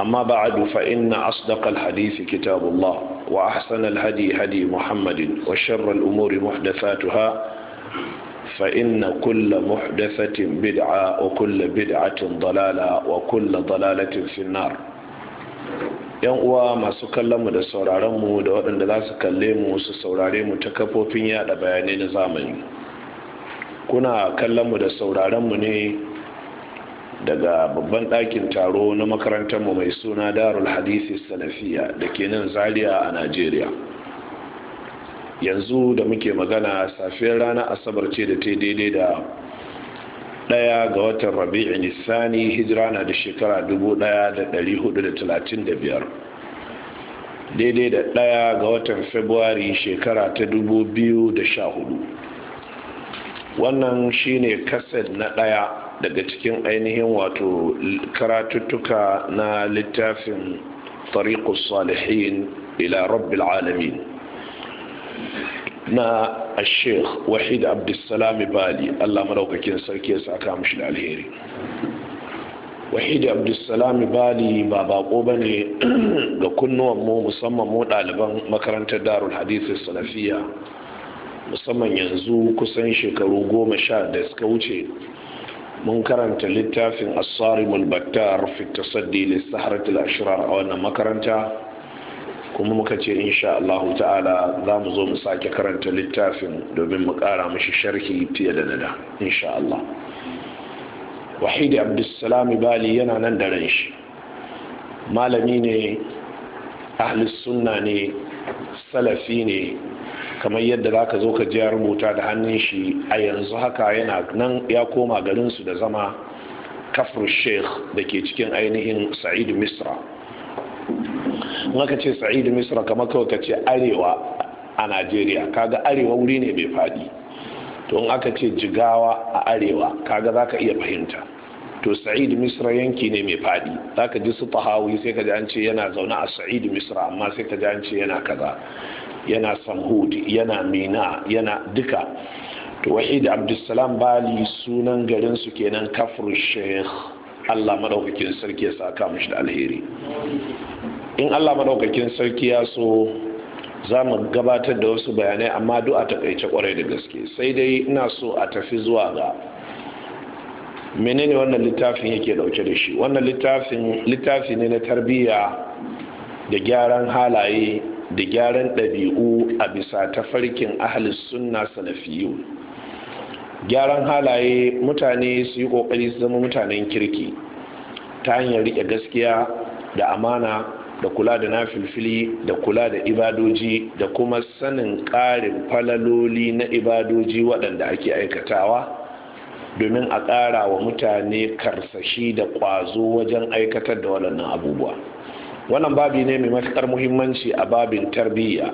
أما بعد فإن أصدق الحديث كتاب الله وأحسن الهدي هدي محمد وشر الأمور محدثاتها فإن كل محدثة بدعة وكل بدعة ضلالة وكل ضلالة في النار yan uwa masu kallon mu da sauraron mu da waɗanda za su kalle mu su saurare mu ta kafofin yada bayanai na zamani kuna kallon mu da sauraron mu ne daga babban ɗakin taro na makarantar mu mai suna darul hadisi salafiya da ke nan zaria a najeriya yanzu da muke magana safiyar ranar asabar ce da ta daidai da ɗaya ga watan rabi'i nisani hijira na da shekara 1435 daidai da ɗaya ga watan februari shekara ta 2014 wannan shine kaset na ɗaya daga cikin ainihin wato karatuttuka na littafin tariqus salihin ila rabbil alamin na sheikh wahid abdulsalami bali allah madaukakin sarki ya saka mishi da alheri wahid abdulsalami bali ba bako bane ga ga mu musamman mu ɗaliban makarantar darul hadisi salafiya musamman yanzu kusan shekaru goma sha da suka wuce mun karanta littafin asarimul battar fi tasaddi lissaharatul ashirar a wannan makaranta kuma muka ce insha Allah ta'ala za mu zo mu sake karanta littafin domin mu kara mashi sharhi fiye da nada insha Allah wahidi abdulsalami bali yana nan da ran shi malami ne ahlus sunna ne salafi ne kamar yadda za ka zo ka jiya rubuta da hannun shi a yanzu haka yana nan ya koma garinsu da zama kafir sheikh da ke cikin ainihin sa'id misra maka ce sa'id misra kamar kawai ka ce arewa a najeriya kaga arewa wuri ne mai fadi to in aka ce jigawa a arewa kaga za ka iya fahimta to sa'id misra yanki ne mai fadi za ka ji su sai ka ji an ce yana zaune a sa'id misra amma sai ka ji an ce yana kaza yana samhud yana mina yana duka to wahid abdulsalam bali sunan garin su kenan kafur sheikh Allah madaukakin sarki ya saka mishi da alheri in Allah madaukakin sarki ya so za mu gabatar da wasu bayanai amma du'a takaice kwarai da gaske sai dai ina so a tafi zuwa ga menene wannan littafin yake dauke da shi wannan littafin littafi ne na tarbiyya da gyaran halaye da gyaran ɗabi'u a bisa tafarkin ahalis sunna salafiyu gyaran halaye mutane su yi ƙoƙari su zama mutanen kirki ta hanyar riƙe gaskiya da amana da kula da nafilfili da kula da ibadoji da kuma sanin ƙarin falaloli na ibadoji waɗanda ake aikatawa domin a ƙara wa mutane karsashi da ƙwazo wajen aikatar da waɗannan abubuwa. wannan babi ne mai matuƙar muhimmanci a babin tarbiyya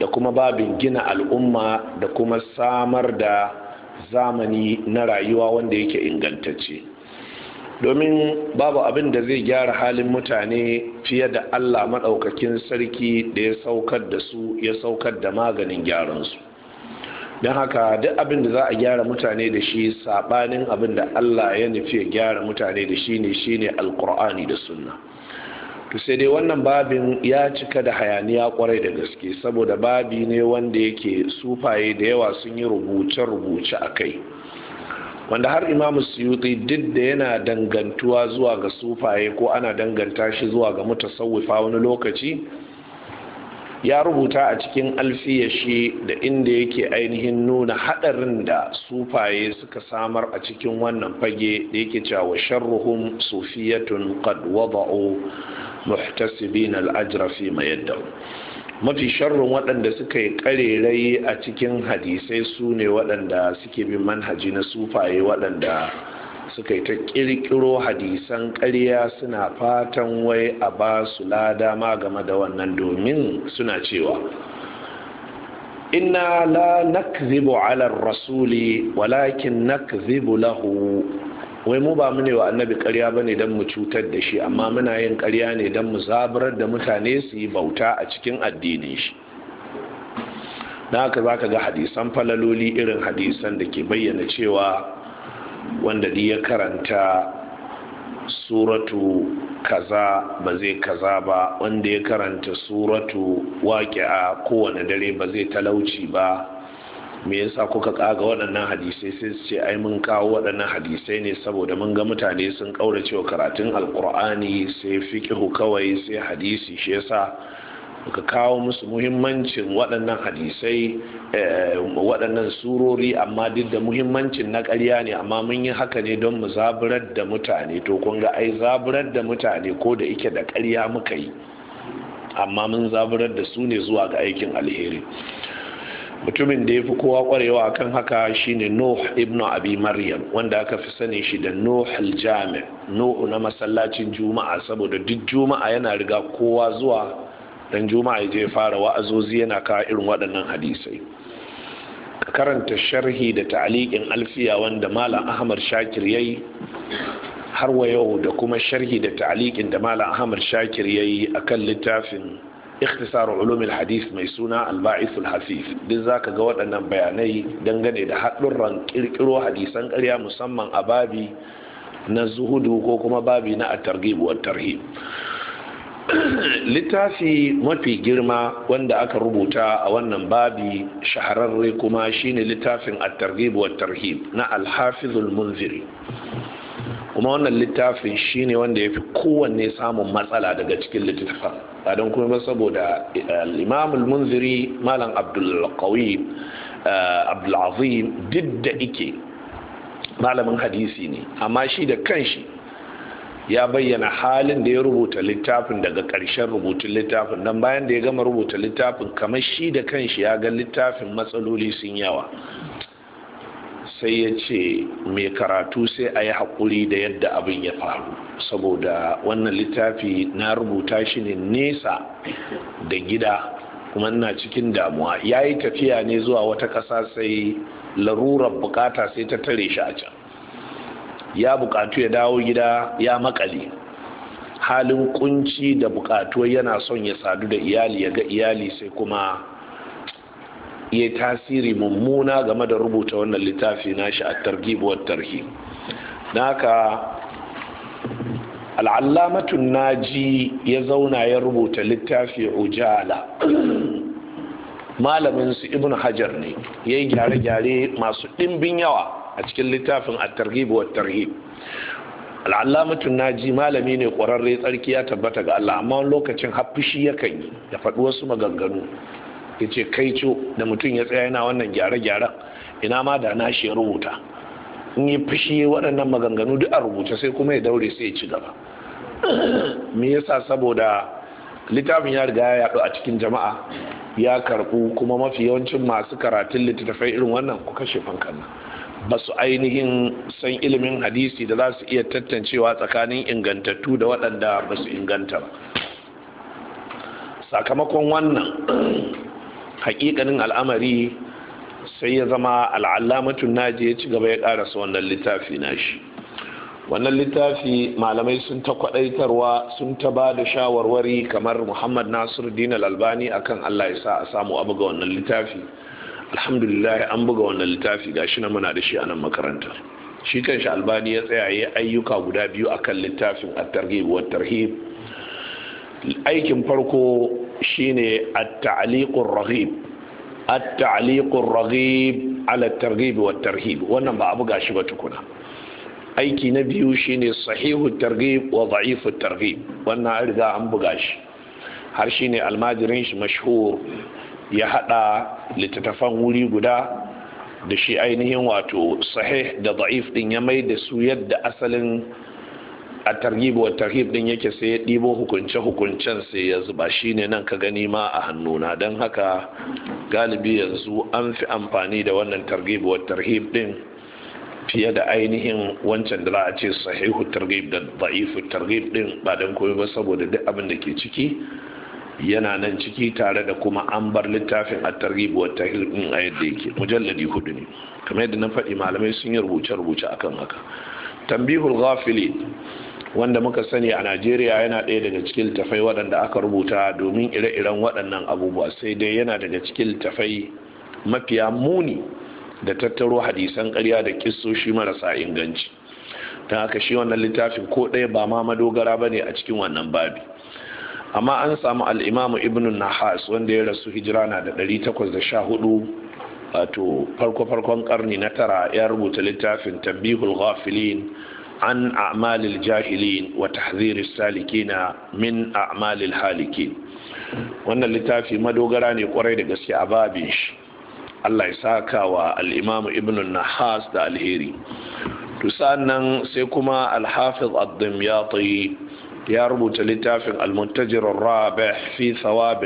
da kuma babin gina al'umma da kuma samar da zamani na rayuwa wanda yake ingantacce domin babu abin da zai gyara halin mutane fiye da allah maɗaukakin sarki da ya saukar da su ya saukar da maganin gyaransu don haka duk abin da za a gyara mutane da shi saɓanin abin da allah ya nufi ya gyara mutane da shi ne shi ne alkur'ani da sunna to sai dai wannan babin ya cika da hayaniya kwarai da gaske saboda babi ne wanda yake sufaye da yawa sun yi rubuce-rubuce a kai wanda har imamu suyuti duk da yana dangantuwa zuwa ga sufaye ko ana danganta shi zuwa ga mutasawwifa wani lokaci ya rubuta a cikin alfiyashi da inda yake ainihin nuna haɗarin da sufaye suka samar a cikin wannan fage da yake cewa sharruhum sufiyatun qad wada'u muhtasibin al fi ma yadda'u mafi sharrun waɗanda suka yi ƙarerai a cikin hadisai sune ne waɗanda suke bin manhaji na sufaye waɗanda suka yi ta ƙirƙiro hadisan ƙarya suna fatan wai a ba su lada ma game da wannan domin suna cewa inna la nakzibu ala rasuli walakin nakzibu lahu wai mu ba mu ne wa annabi ƙarya ba ne don mu cutar da shi amma muna yin ƙarya ne don mu zaburar da mutane su yi bauta a cikin addinin shi na haka za ka ga hadisan falaloli irin hadisan da ke bayyana cewa wanda ya karanta suratu kaza ba zai kaza ba wanda ya karanta suratu a kowane dare ba zai talauci ba me yasa kuka kaga waɗannan hadisai sai su ce ai mun kawo waɗannan hadisai ne saboda mun ga mutane sun ƙauracewa cewa karatun alƙur'ani sai fiƙihu kawai sai hadisi shi yasa muka kawo musu muhimmancin waɗannan hadisai eh, waɗannan surori amma duk da muhimmancin na ƙarya ne amma mun yi haka ne don mu zaburar da mutane to kun ga ai zaburar da mutane ko da ike da ƙarya muka yi amma mun zaburar da su ne zuwa ga aikin alheri mutumin da ya fi kowa kwarewa kan haka shine nuh ibnu abi maryam wanda aka fi sani shi da nuh aljami nuh na masallacin juma'a saboda duk juma'a yana riga kowa zuwa dan juma'a je fara wa'azozi yana kawo irin waɗannan hadisai ka karanta sharhi da ta'liqin alfiya wanda malam ahmad shakir yayi har wa yau da kuma sharhi da ta'liqin da malam ahmad shakir yayi akan littafin ikhtisar ulumil hadis mai suna al alhasif din duk zaka ga waɗannan bayanai dangane da haɗurran kirkiro hadisan ƙarya musamman a babi na zuhudu ko kuma babi na at-targhib wa tarhib littafi mafi girma wanda aka rubuta a wannan babi shahararre kuma shine littafin at-targhib wa tarhib na al-hafizul munziri kuma wannan littafin shine wanda ya fi kowanne samun matsala daga cikin littattafan da don kuma saboda al-imam eh, al-munziri malam abdul qawi eh, abdul azim didda da ike malamin hadisi ne amma shi da kanshi ya bayyana halin da ya rubuta littafin daga ƙarshen rubutun littafin don bayan da ya gama rubuta littafin kamar shi da kanshi ya ga littafin matsaloli sun yawa sai ya ce mai karatu sai a yi haƙuri da yadda abin ya faru saboda wannan littafi na rubuta shi ne nesa da gida kuma ina cikin damuwa ya yi tafiya ne zuwa wata ƙasa sai larurar bukata sai ta tare shi a can ya bukatu ya dawo gida ya makale halin kunci da bukatu yana son ya sadu da iyali ya ga iyali sai kuma ya yi tasiri mummuna game da rubuta wannan littafi nashi a targibuwar tarhi naka al'allamatun naji ya zauna ya rubuta littafi ujala Malaminsu ibn hajar ne ya yi gyare-gyare masu ɗimbin yawa a cikin littafin at-targhib wa tarhib al'allamatun naji malami ne ƙwararre tsarki ya tabbata ga Allah amma wani lokacin haffishi yakan yi ya faɗi wasu maganganu ya ce kai co da mutum ya tsaya yana wannan gyare-gyaren ina ma da na shi rubuta in yi fushi waɗannan maganganu duk a rubuta sai kuma ya daure sai ya ci gaba me yasa saboda littafin ya riga ya yaɗu a cikin jama'a ya karɓu kuma mafi yawancin masu karatun littattafai irin wannan ku kashe fankan nan ba su ainihin san ilimin hadisi da za su iya tattancewa tsakanin ingantattu da waɗanda ba su inganta ba sakamakon wannan hakikanin al'amari sai ya zama al'alamatun naji ya ci gaba ya ƙarasa wannan littafi nashi wannan littafi malamai sun ta kwaɗaitarwa sun ta ba da shawarwari kamar muhammad nasiru dinar albani akan allah ya sa a samu abu ga wannan littafi alhamdulillah an buga wannan littafi ga shi na muna da shi a nan makaranta shi kanshi albani ya tsaya ya ayyuka guda biyu a kan littafin at-targhib wa tarhib aikin farko shine at-ta'liqur raghib at-ta'liqur raghib ala at-targhib wa tarhib wannan ba a buga shi ba tukuna aiki na biyu shine sahihu targhib wa dha'ifu targhib wannan an riga an buga shi har shine almajirin shi mashhur ya hada littattafan wuri guda da shi ainihin wato sahih da da'if din ya mai da su yadda asalin a targibu wa targhib din yake sai ya ɗibo hukunce hukuncen sai ya zuba shi ne nan ka gani ma a hannuna don haka galibi yanzu an fi amfani da wannan targibu wa targhib din fiye da ainihin wancan da za a ce sahihu targhib da da'ifu targhib din ba don komai ba saboda duk abin da ke ciki yana nan ciki tare da kuma an bar littafin a tarihi wa at a yadda yake mujalladi hudu ne kamar yadda na faɗi malamai sun yi rubuce rubuce a kan haka tambihul ghafili wanda muka sani a Najeriya yana ɗaya daga cikin tafai waɗanda aka rubuta domin ire-iren waɗannan abubuwa sai dai yana daga cikin tafai mafiya muni da tattaro hadisan ƙarya da ƙistoshi marasa inganci don haka shi wannan littafin ko ɗaya ba ma madogara ba ne a cikin wannan babi amma an samu al'imamu ibn nahas wanda ya rasu hijira na da 814 wato farko-farkon karni na tara ya rubuta littafin tambihul ghafilin an a'malil jahilin wa tahziris salikina min a'malil halikin wannan littafi madogara ne kwarai da gaske a babin shi Allah ya saka wa al'imamu ibn nahas da alheri to nan sai kuma alhafiz ad-dimyati ya rubuta littafin al-muntajir ar-rabih fi thawab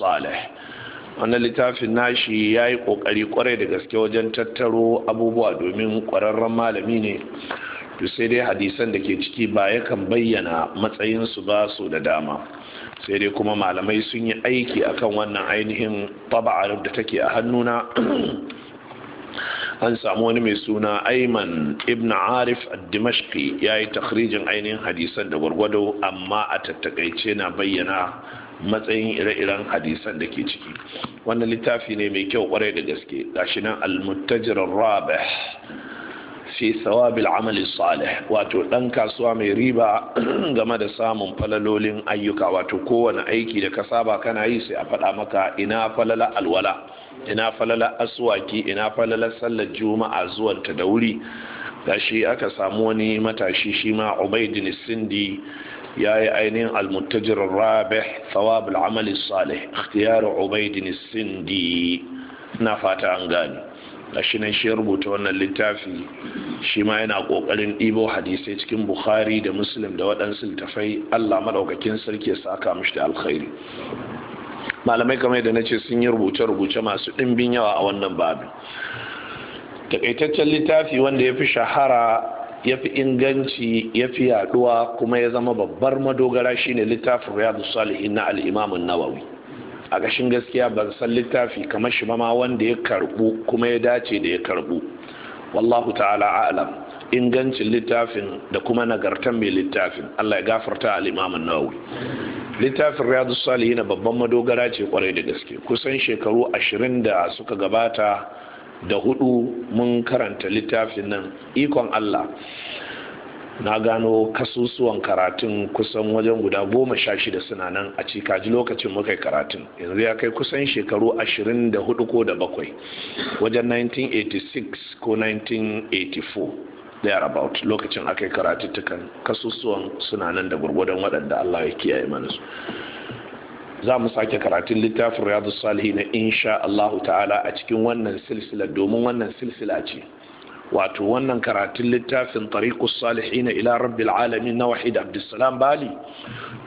salih wannan littafin nashi yayi kokari kwarai da gaske wajen tattaro abubuwa domin kwararren malami ne to sai dai hadisan da ke ciki ba yakan bayyana matsayin su ba su da dama sai dai kuma malamai sun yi aiki akan wannan ainihin taba'ar da take a hannuna an samu wani mai suna Ayman ibn Arif ad-Dimashqi yi takhrijin ainihin hadisan da gwargwado amma a tattakaice na bayyana matsayin ire-iren hadisan da ke ciki wannan littafi ne mai kyau kwarai da gaske gashi nan al rabih fi sawabil amali salih wato dan kasuwa mai riba game da samun falalolin ayyuka wato kowane aiki da ka saba kana yi sai a faɗa maka ina falala alwala ina falala aswaki ina falala sallar juma'a zuwan ta da wuri gashi aka samu wani matashi shi ma ubaidin sindi ya yi ainihin almuttajir rabih sawabil amali salih ikhtiyar ubaidin sindi na fata an gani gashi nan shi rubuta wannan littafi shi ma yana kokarin ɗibo hadisai cikin bukhari da muslim da waɗansu littafai allah maɗaukakin sarki ya saka mishi da alkhairi malamai kamar da na ce sun yi rubuce-rubuce masu ɗimbin yawa a wannan babu takaitaccen littafi wanda ya fi shahara ya fi inganci ya fi yaduwa kuma ya zama babbar madogara shine littafin riyadu salihin na al'imamun nawawi a ƙashin gaskiya ban san littafi kamar shi ma wanda ya karbu kuma ya dace da ya karbu wallahu ta'ala a'lam ingancin littafin da kuma nagartan mai littafin Allah ya gafarta al-Imam nawawi littafin Riyadu Salihin babban madogara ce kwarai da gaske kusan shekaru ashirin da suka gabata da hudu mun karanta littafin nan ikon Allah na gano kasusuwan karatun kusan wajen guda goma sha shida suna nan a cikaji lokacin muka karatun yanzu ya kai kusan shekaru ashirin da hudu ko da bakwai wajen 1986 ko 1984 there about lokacin aka yi karatuttukan kasusuwan suna nan da gwargwadon waɗanda Allah ya kiyaye mana su za mu sake karatun littafin riyadu salihi na insha Allah ta'ala a cikin wannan silsila domin wannan silsila ce wato wannan karatun littafin tariqus salihin ila rabbil alamin na wahid abdussalam bali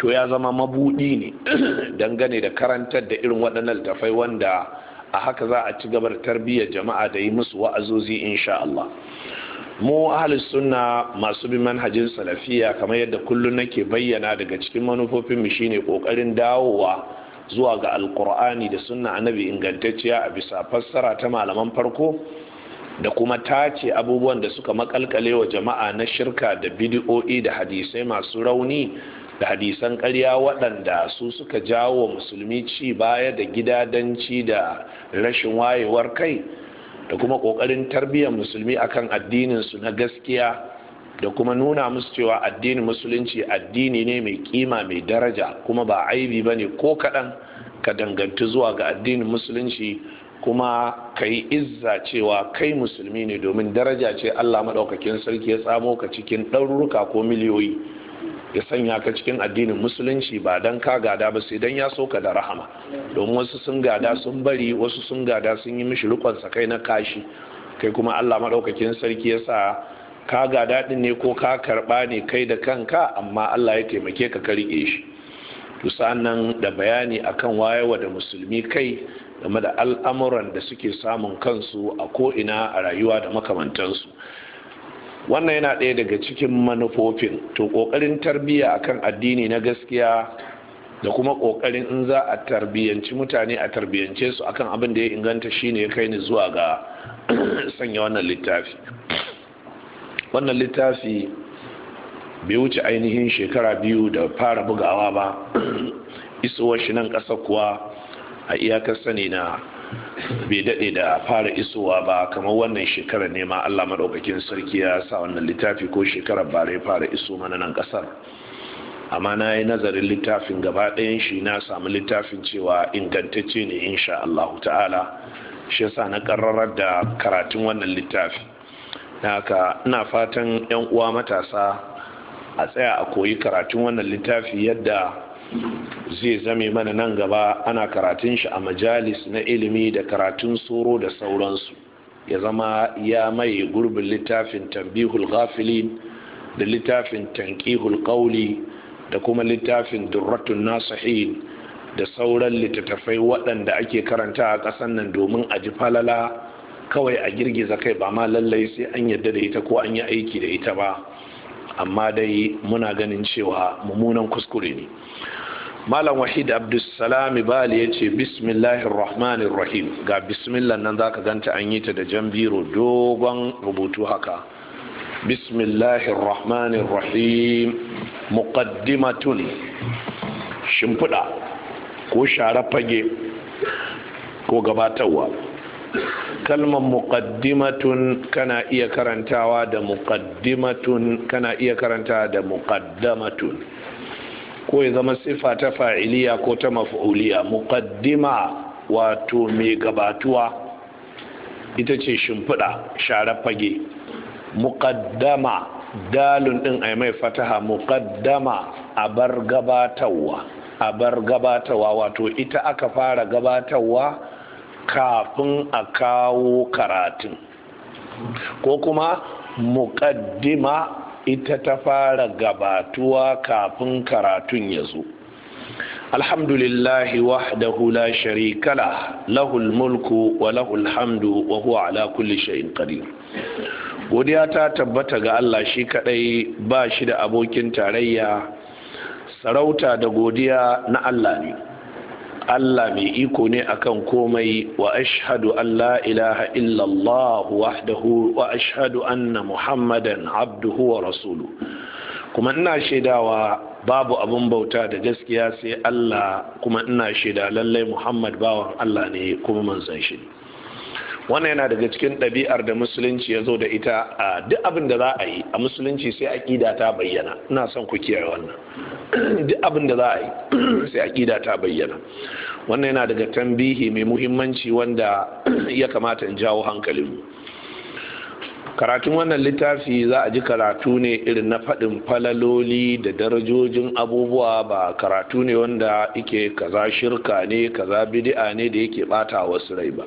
to ya zama mabudi ne dangane da karantar da irin waɗannan littafai wanda a haka za a ci gaba tarbiyyar jama'a da yi musu wa'azozi insha Allah mu ahli sunna masu bi manhajin salafiya kamar yadda kullum nake bayyana daga cikin manufofin mu shine ƙoƙarin dawowa zuwa ga alqur'ani da sunna annabi ingantacciya a bisa fassara ta malaman farko da kuma tace abubuwan da suka makalkale wa jama'a na shirka da bidi'o'i da hadisai masu rauni da hadisan karya waɗanda su suka jawo musulmi ci baya da gidadanci da rashin wayewar kai da kuma ƙoƙarin tarbiyyar musulmi akan su na gaskiya da kuma nuna musu cewa addinin musulunci addini ne mai kima mai daraja kuma ba aibi ba ne ko kaɗan ka danganci zuwa ga addinin musulunci kuma ka yi izza cewa kai musulmi ne domin daraja ce Allah maɗaukakin sarki ya tsamo ka cikin ɗaruruka ko miliyoyi ya sanya ka cikin addinin musulunci ba don ka gada ba sai don ya so ka da rahama domin wasu sun gada sun bari wasu sun gada sun yi mishi rikon kai na kashi kai kuma Allah maɗaukakin sarki ya sa ka gada ɗin ne ko ka karɓa ne kai da kanka amma Allah ya taimake ka ka shi to nan da bayani akan wayewa da musulmi kai game da al'amuran da suke samun kansu a ko'ina a rayuwa da makamantansu wannan yana ɗaya daga cikin manufofin to ƙoƙarin tarbiyya akan addini na gaskiya da kuma ƙoƙarin in za a tarbiyyanci mutane a tarbiyyance su akan abin da ya inganta shine ya kai ni zuwa ga sanya wannan littafi wannan littafi bai wuce ainihin shekara biyu da fara bugawa ba isowar shi nan ƙasa kuwa a iyakar sani na bai daɗe da fara isowa ba kamar wannan shekarar ne ma Allah maɗaukakin sarki ya sa wannan littafi ko shekarar ba ya fara iso mana nan ƙasar amma na yi nazarin littafin gaba ɗayan shi na samu littafin cewa ingantacce ne insha Allah ta'ala shi yasa na ƙarrarar da karatun wannan littafi haka ina fatan 'yan uwa matasa a tsaya a koyi karatun wannan littafi yadda zai zame mana nan gaba ana karatun shi a majalis na ilimi da karatun soro da sauransu ya zama ya mai gurbin littafin tambihul ghafilin da littafin tankihul qawli da kuma littafin durratun nasahin da sauran littattafai waɗanda ake karanta a ƙasan nan domin a ji falala kawai a girgiza kai ba ma lallai sai an yadda da ita ko an yi aiki da ita ba amma dai muna ganin cewa mummunan kuskure ne malam wahid abdussalami bali ya ce rahmanir rahim ga bismillah nan zaka ganta an yi ta da jan biro dogon rubutu haka rahmanir rahim muqaddimatun shimfiɗa ko share fage ko gabatarwa kalmar muqaddimatun kana iya karantawa da muqaddimatun kana iya karanta da muqaddamatun ko ya zama sifa ta fa'iliya ko ta maf'uliya muqaddima wato mai gabatuwa ita ce shimfiɗa sharar fage muqaddama dalun ɗin a mai fataha muqaddama a bar gabatarwa a bar gabatarwa wato ita aka fara gabatarwa kafin a kawo karatun ko kuma muƙaddima ita ta fara gabatuwa kafin karatun ya zo alhamdulillahi wahdahu la sharikala lahul mulku wa lahul hamdu wa huwa ala kulli shay'in qadir godiya ta tabbata ga Allah shi kaɗai ba shi da abokin tarayya sarauta da godiya na Allah ne Allah mai iko ne akan komai wa ashhadu an la ilaha illallah wahdahu wa ashhadu anna muhammadan abduhu wa rasulu kuma ina shaidawa babu abin bauta da gaskiya sai Allah kuma ina shaida lallai muhammad bawan Allah ne kuma manzon shi wannan yana daga cikin ɗabi'ar da musulunci ya zo da ita a duk abin da za a yi a musulunci sai aƙida ta bayyana ina son ku kiyaye wannan duk abin da za a yi sai aƙida ta bayyana wannan yana daga tambihi mai muhimmanci wanda ya kamata in jawo hankalin karatun wannan littafi za a ji karatu ne irin na faɗin falaloli da darajojin abubuwa ba karatu ne wanda yake kaza shirka ne kaza bidi'a ne da yake ɓata wasu rai ba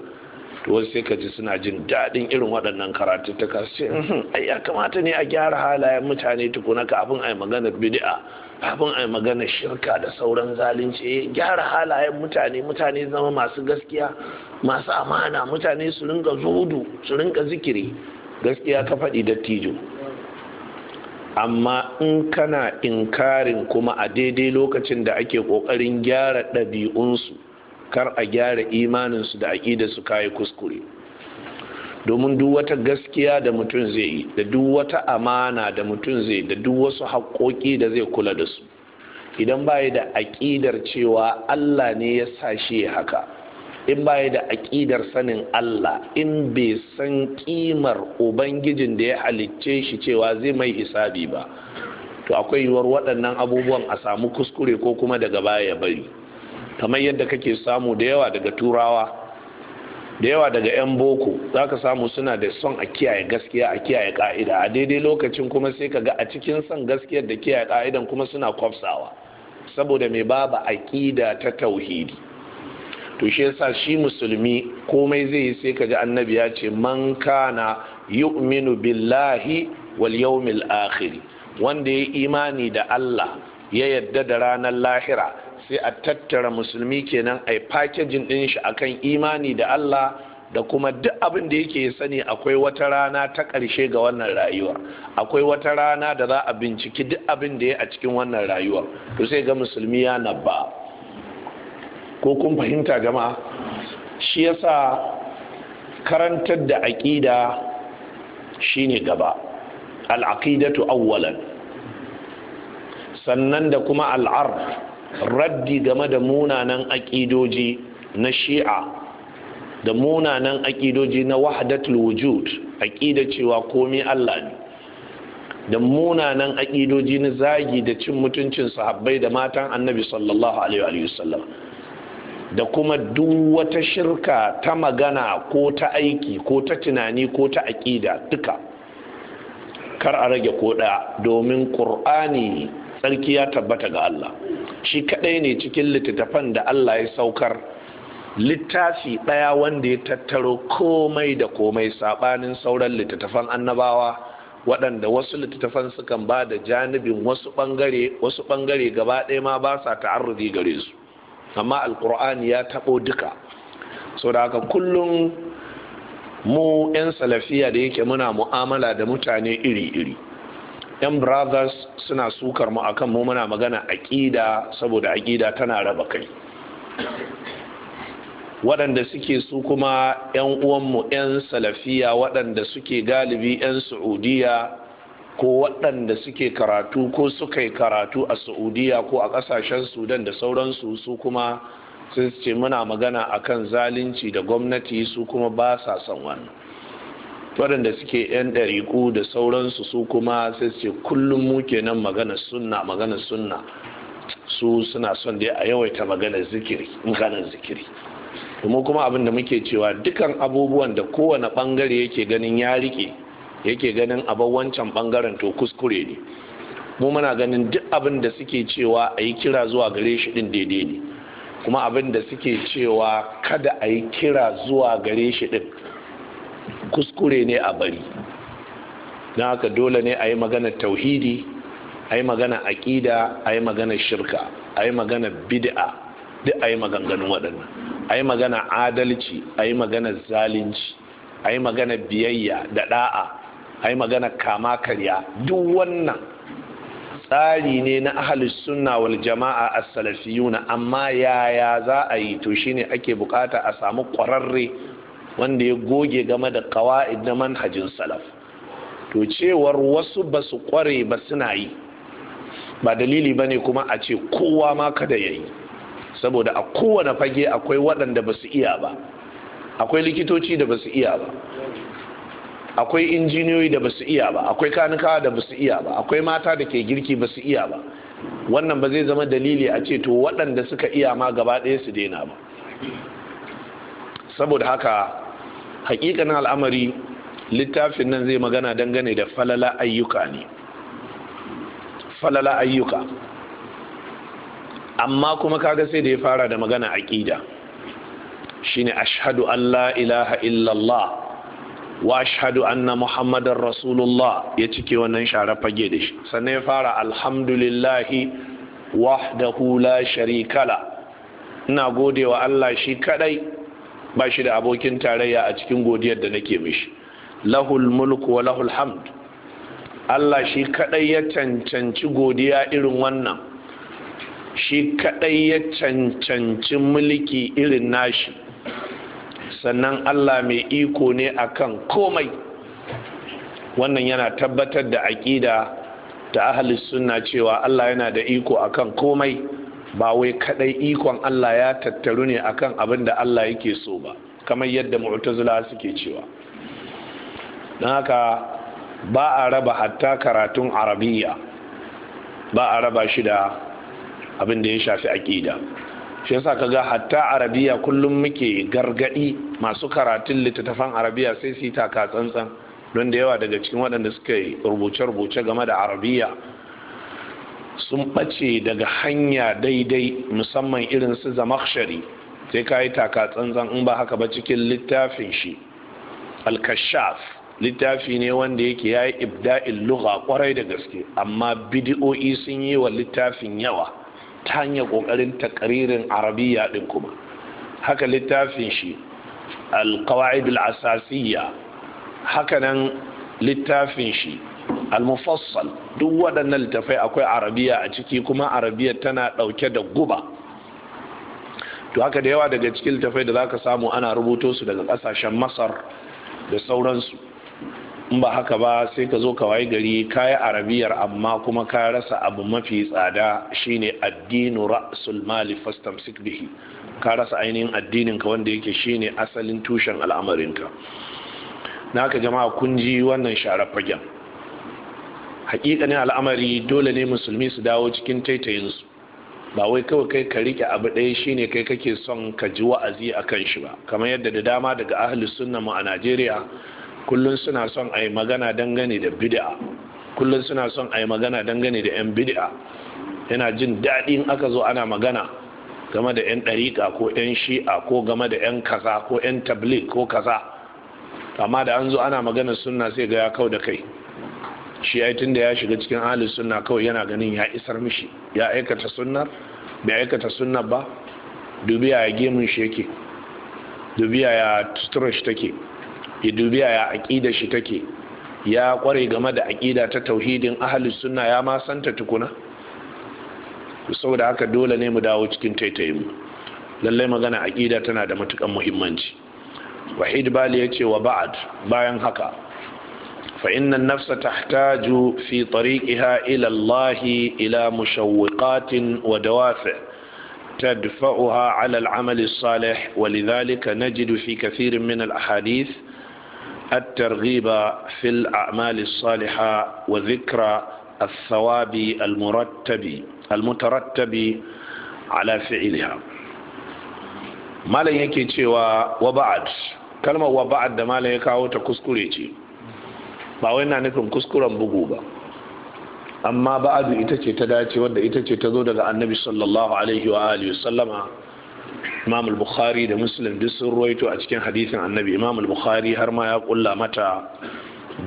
to wasu sai ka ji suna jin daɗin irin waɗannan karatu ta kasu hmm, ai ya kamata ne a gyara halayen mutane tukuna kafin a yi magana bid'a kafin a yi shirka da sauran zalunci eh, gyara halayen mutane mutane zama masu gaskiya masu amana mutane su rinka zudu su rinka zikiri gaskiya ka faɗi dattijo amma in kana inkarin kuma a daidai lokacin da ake ƙoƙarin gyara ɗabi'unsu kar a gyara imaninsu da su kayi kuskure domin duk wata gaskiya da mutum zai yi da duk wata amana da mutum zai da duk wasu haƙoƙi da zai kula da su idan baya da aƙidar cewa allah ne ya sa shi haka in baya da aƙidar sanin allah in bai san ƙimar ubangijin da ya halicce shi cewa zai mai hisabi ba to akwai yiwuwar waɗannan abubuwan a samu kuskure ko kuma daga baya ya bari kamar yadda kake samu da yawa daga turawa da yawa daga 'yan boko za ka samu suna da son a kiyaye gaskiya a kiyaye ka'ida a daidai lokacin kuma sai ka ga a cikin son gaskiyar da kiyaye ka'idan kuma suna kwafsawa saboda mai babu aƙida ta tauhidi to shi yasa shi musulmi komai zai yi sai ka ji annabi ya ce man kana yu'minu billahi wal yawmil akhir wanda ya imani da Allah ya yadda da ranar lahira sai a tattara musulmi kenan a yi fakejin ɗin shi akan imani da Allah da kuma duk abin da yake sani akwai wata rana ta ƙarshe ga wannan rayuwa akwai wata rana da za a binciki duk abin da ya a cikin wannan rayuwa to sai ga musulmi ya nabba ko kun fahimta jama'a shi yasa karantar da aƙida shine gaba al al-aqidatu awwalan sannan da kuma al'ar raddi game da munanan aƙidoji na shi'a da munanan aƙidoji na wahdatul wujud aƙida cewa komai Allah ne da munanan aƙidoji na zagi da cin mutuncin sahabbai da matan annabi sallallahu alaihi wasallam da kuma duk wata shirka ta magana ko ta aiki ko ta tunani ko ta aƙida duka kar a rage ko ɗaya domin ƙur'ani tsarki ya tabbata ga Allah shi kaɗai ne cikin littattafan da Allah ya saukar littafi ɗaya wanda ya tattaro komai da komai saɓanin sauran littattafan annabawa waɗanda wasu littattafan sukan ba da janibin wasu ɓangare wasu ɓangare gaba ɗaya ma ba sa ta'arruzi gare su amma alƙur'ani ya taɓo duka so da haka kullum mu 'yan salafiya da yake muna mu'amala da mutane iri-iri yan brothers suna sukar mu akan mu muna magana aƙida saboda aƙida tana raba kai waɗanda suke su kuma yan uwanmu yan salafiya waɗanda suke galibi yan saudiya ko waɗanda suke karatu ko suka yi karatu a saudiya ko a ƙasashen sudan da sauransu su kuma sun ce muna magana akan zalunci da gwamnati su kuma ba sa son wannan waɗanda suke 'yan ɗariƙu da sauransu su kuma sai su ce kullum mu kenan magana sunna magana sunna su suna son dai a yawaita magana zikiri maganar zikiri kuma kuma abin da muke cewa dukan abubuwan da kowane ɓangare yake ganin ya riƙe yake ganin abin wancan ɓangaren to kuskure ne mu muna ganin duk abin da suke cewa a yi kira zuwa gare shi ɗin daidai ne kuma abin da suke cewa kada a yi kira zuwa gare shi ɗin kuskure ne a bari na haka dole ne a yi magana tauhidi a yi magana aƙida a yi magana shirka a yi magana bid'a duk a yi maganganun waɗannan a yi magana adalci a yi magana zalunci a yi magana biyayya da ɗa'a a yi magana kama karya duk wannan tsari ne na ahalus sunna wal jama'a as-salafiyuna amma yaya za a yi to shi shine ake bukata a samu ƙwararre wanda ya goge game da qawaid na manhajin salaf to cewar wasu ba su kware ba suna yi ba dalili ba ne kuma a ce kowa ma kada ya yi saboda a kowane fage akwai waɗanda ba su iya ba akwai likitoci da ba su iya ba akwai injiniyoyi da ba su iya ba akwai kanikawa da ba su iya ba akwai mata da ke girki ba su iya ba wannan ba zai zama dalili a ce to waɗanda suka iya ma gaba ɗaya su daina ba saboda haka hakikanin al'amari littafin nan zai magana dangane da falala ayyuka ne falala ayyuka amma kuma kaga sai da ya fara da magana aƙida shine ashhadu an la ilaha illallah wa ashhadu anna muhammadar rasulullah ya cike wannan share fage da shi sannan ya fara alhamdulillahi wahdahu la sharikala ina gode wa Allah shi kadai ba shi da abokin tarayya a cikin godiyar da nake mishi lahul mulku wa lahul hamd Allah shi kadai ya cancanci godiya irin wannan shi kadai ya cancanci mulki irin nashi sannan Allah mai iko ne akan komai wannan yana tabbatar da aƙida ta ahalis sunna cewa Allah yana da iko akan komai ba wai kadai ikon Allah ya tattaru ne akan abin da Allah yake so ba kamar yadda mu'tazila suke cewa don haka ba a raba hatta karatun arabiya ba a raba shi da abin da ya shafi aƙida shi yasa kaga hatta arabiya kullum muke gargadi masu karatun littattafan arabiya sai su yi taka tsantsan don da yawa daga cikin waɗanda suka yi rubuce-rubuce game da arabiya sun ɓace daga hanya daidai musamman irin su zamakshari sai ka yi taka tsantsan in ba haka ba cikin littafin shi alkashaf littafi ne wanda yake ya yi ibda'in luga kwarai da gaske amma bidi'o'i sun yi wa littafin yawa ta hanyar ƙoƙarin takaririn arabiya din kuma haka littafin shi alkawa'id al'asasiyya haka nan littafin shi al-mufassal duk waɗannan littafai akwai arabiya a ciki kuma arabiya tana ɗauke da guba to haka da yawa daga cikin littafai da za ka samu ana rubuto su daga ƙasashen masar da sauransu in ba haka ba sai ka zo ka wayi gari kayi arabiyar amma kuma ka rasa abu mafi tsada shine addinu ra'sul mali fastamsik bihi ka rasa ainihin addinin ka wanda yake shine asalin tushen al'amarinka naka jama'a kun ji wannan share fagen hakikanin al'amari dole ne musulmi su dawo cikin taitayin su ba wai kawai kai ka rike abu ɗaya shine kai kake son ka ji wa'azi a kan shi ba kamar yadda da dama daga ahli sunna mu a najeriya kullum suna son a yi magana dangane da bid'a kullum suna son a yi magana dangane da 'yan bid'a yana jin daɗin aka zo ana magana game da 'yan ɗariƙa ko 'yan shi'a ko game da 'yan kaza ko 'yan tablik ko kaza amma da an zo ana magana sunna sai ga ya kau da kai shi ya tun da ya shiga cikin ahalus sunna kawai yana ganin ya isar mishi ya aikata sunnar bai aikata sunnar ba Dubiya ya gemun shi yake Dubiya ya tuturar shi take ya Dubiya ya aƙida shi take ya ƙware game da aƙida ta tauhidin ahalus sunna ya ma santa tukuna saboda haka dole ne mu dawo cikin taitayin lallai magana aƙida tana da matukan muhimmanci wahid bali ya ce wa ba'ad bayan haka فإن النفس تحتاج في طريقها إلى الله إلى مشوقات ودوافع تدفعها على العمل الصالح ولذلك نجد في كثير من الأحاديث الترغيب في الأعمال الصالحة وذكر الثواب المرتب المترتب على فعلها ما لن يكي وبعد كلمة وبعد ما لن يكاو كسكريتي ba wai na nufin kuskuren bugu ba amma ba'adu ita ce ta dace wadda ita ce ta zo daga annabi sallallahu alaihi wa alihi sallama imam al-bukhari da muslim duk sun ruwaito a cikin hadisin annabi imam al-bukhari har ma ya kulla mata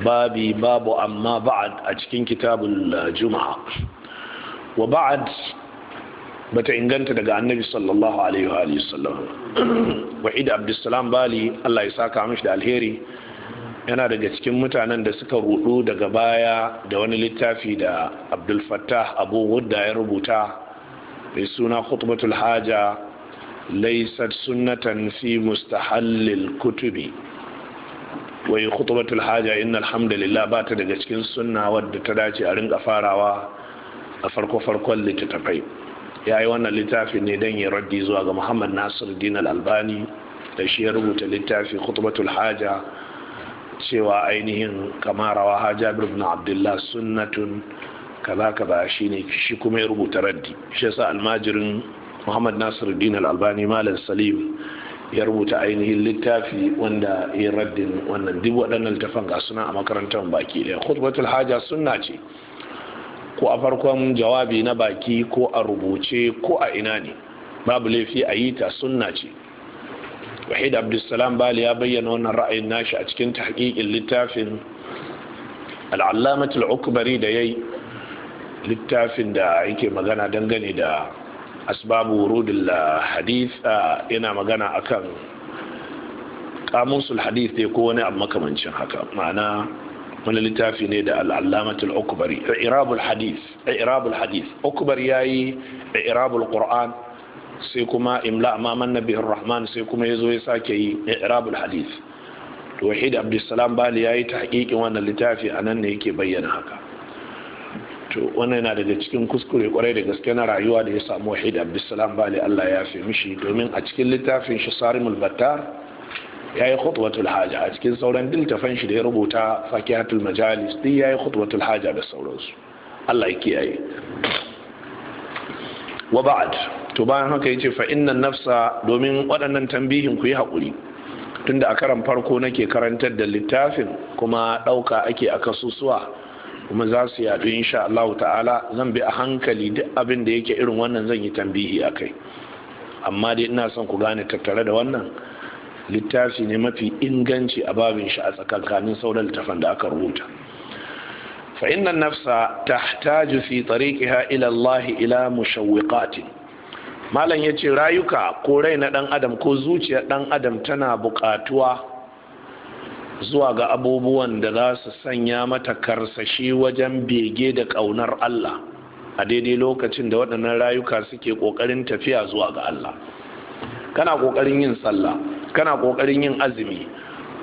babi babu amma ba'ad a cikin kitabul juma'a wa ba'ad bata inganta daga annabi sallallahu alaihi wa alihi sallam wahid abdussalam bali Allah ya saka mishi da alheri yana daga cikin mutanen da suka rudu daga baya da wani littafi da abdul fattah abu wadda ya rubuta mai suna khutbatul haja laisat sunnatan fi mustahallil kutubi wai khutbatul haja inna alhamdulillah ba ta daga cikin sunna wadda ta dace a rinka farawa a farko-farkon littattafai ya yi wannan littafi ne don ya raddi zuwa ga muhammad nasir din albani da shi ya rubuta littafi khutbatul haja cewa ainihin kama rawa jabir ibn abdullah sunnatun kaza kaza shine shi kuma ya rubuta raddi shi yasa almajirin muhammad Nasiru, al-albani malam salim ya rubuta ainihin littafi wanda ya raddin wannan duk waɗannan littafan ga suna a makarantar baki ɗaya khutbatul haja sunna ce ko a farkon jawabi na baki ko a rubuce ko a ina ne babu laifi a yi ta sunna ce wahid abdulsalam bali ya bayyana wannan ra'ayin nashi a cikin tahqiqin littafin al'allamat ukbari da yayi littafin da yake magana dangane da asbabu wurudil hadith yana magana akan kamusul hadith dai ko wani abu makamancin haka ma'ana wani littafi ne da al'allamatul ukbari irabul hadith irabul hadith ukbari yayi irabul qur'an sai kuma imla manna nabiyar rahman sai kuma ya zo ya sake yi irabul hadith to wahid abdulsalam bali ya yi ta hakikin wannan littafi a nan ne yake bayyana haka to wannan yana daga cikin kuskure kwarai da gaske na rayuwa da ya samu wahid abdulsalam bali allah ya fi mishi domin a cikin littafin shi sarimul battar ya yi khutwatul haja a cikin sauran dintafan shi da ya rubuta fakihatul majalis din ya yi khutwatul haja da sauransu allah ya kiyaye wa ba'ad to bayan haka yace fa innan nafsa domin waɗannan tambihin ku yi haƙuri tunda a karan farko nake karantar da littafin kuma ɗauka ake a kasusuwa kuma za su yaɗu insha Allah ta'ala zan bi a hankali duk abin da yake irin wannan zan yi tambihi a kai amma dai ina son ku gane tattare da wannan littafi ne mafi inganci a babin shi a tsakankanin sauran littafin da aka rubuta فإن النفس تحتاج في طريقها إلى الله إلى مشوقات malam ya ce rayuka ko rai na ɗan adam ko zuciyar ɗan adam tana buƙatuwa zuwa ga abubuwan da za su sanya mata karsashi wajen bege da ƙaunar Allah a daidai lokacin da waɗannan rayuka suke ƙoƙarin tafiya zuwa ga Allah kana ƙoƙarin yin sallah kana ƙoƙarin yin azumi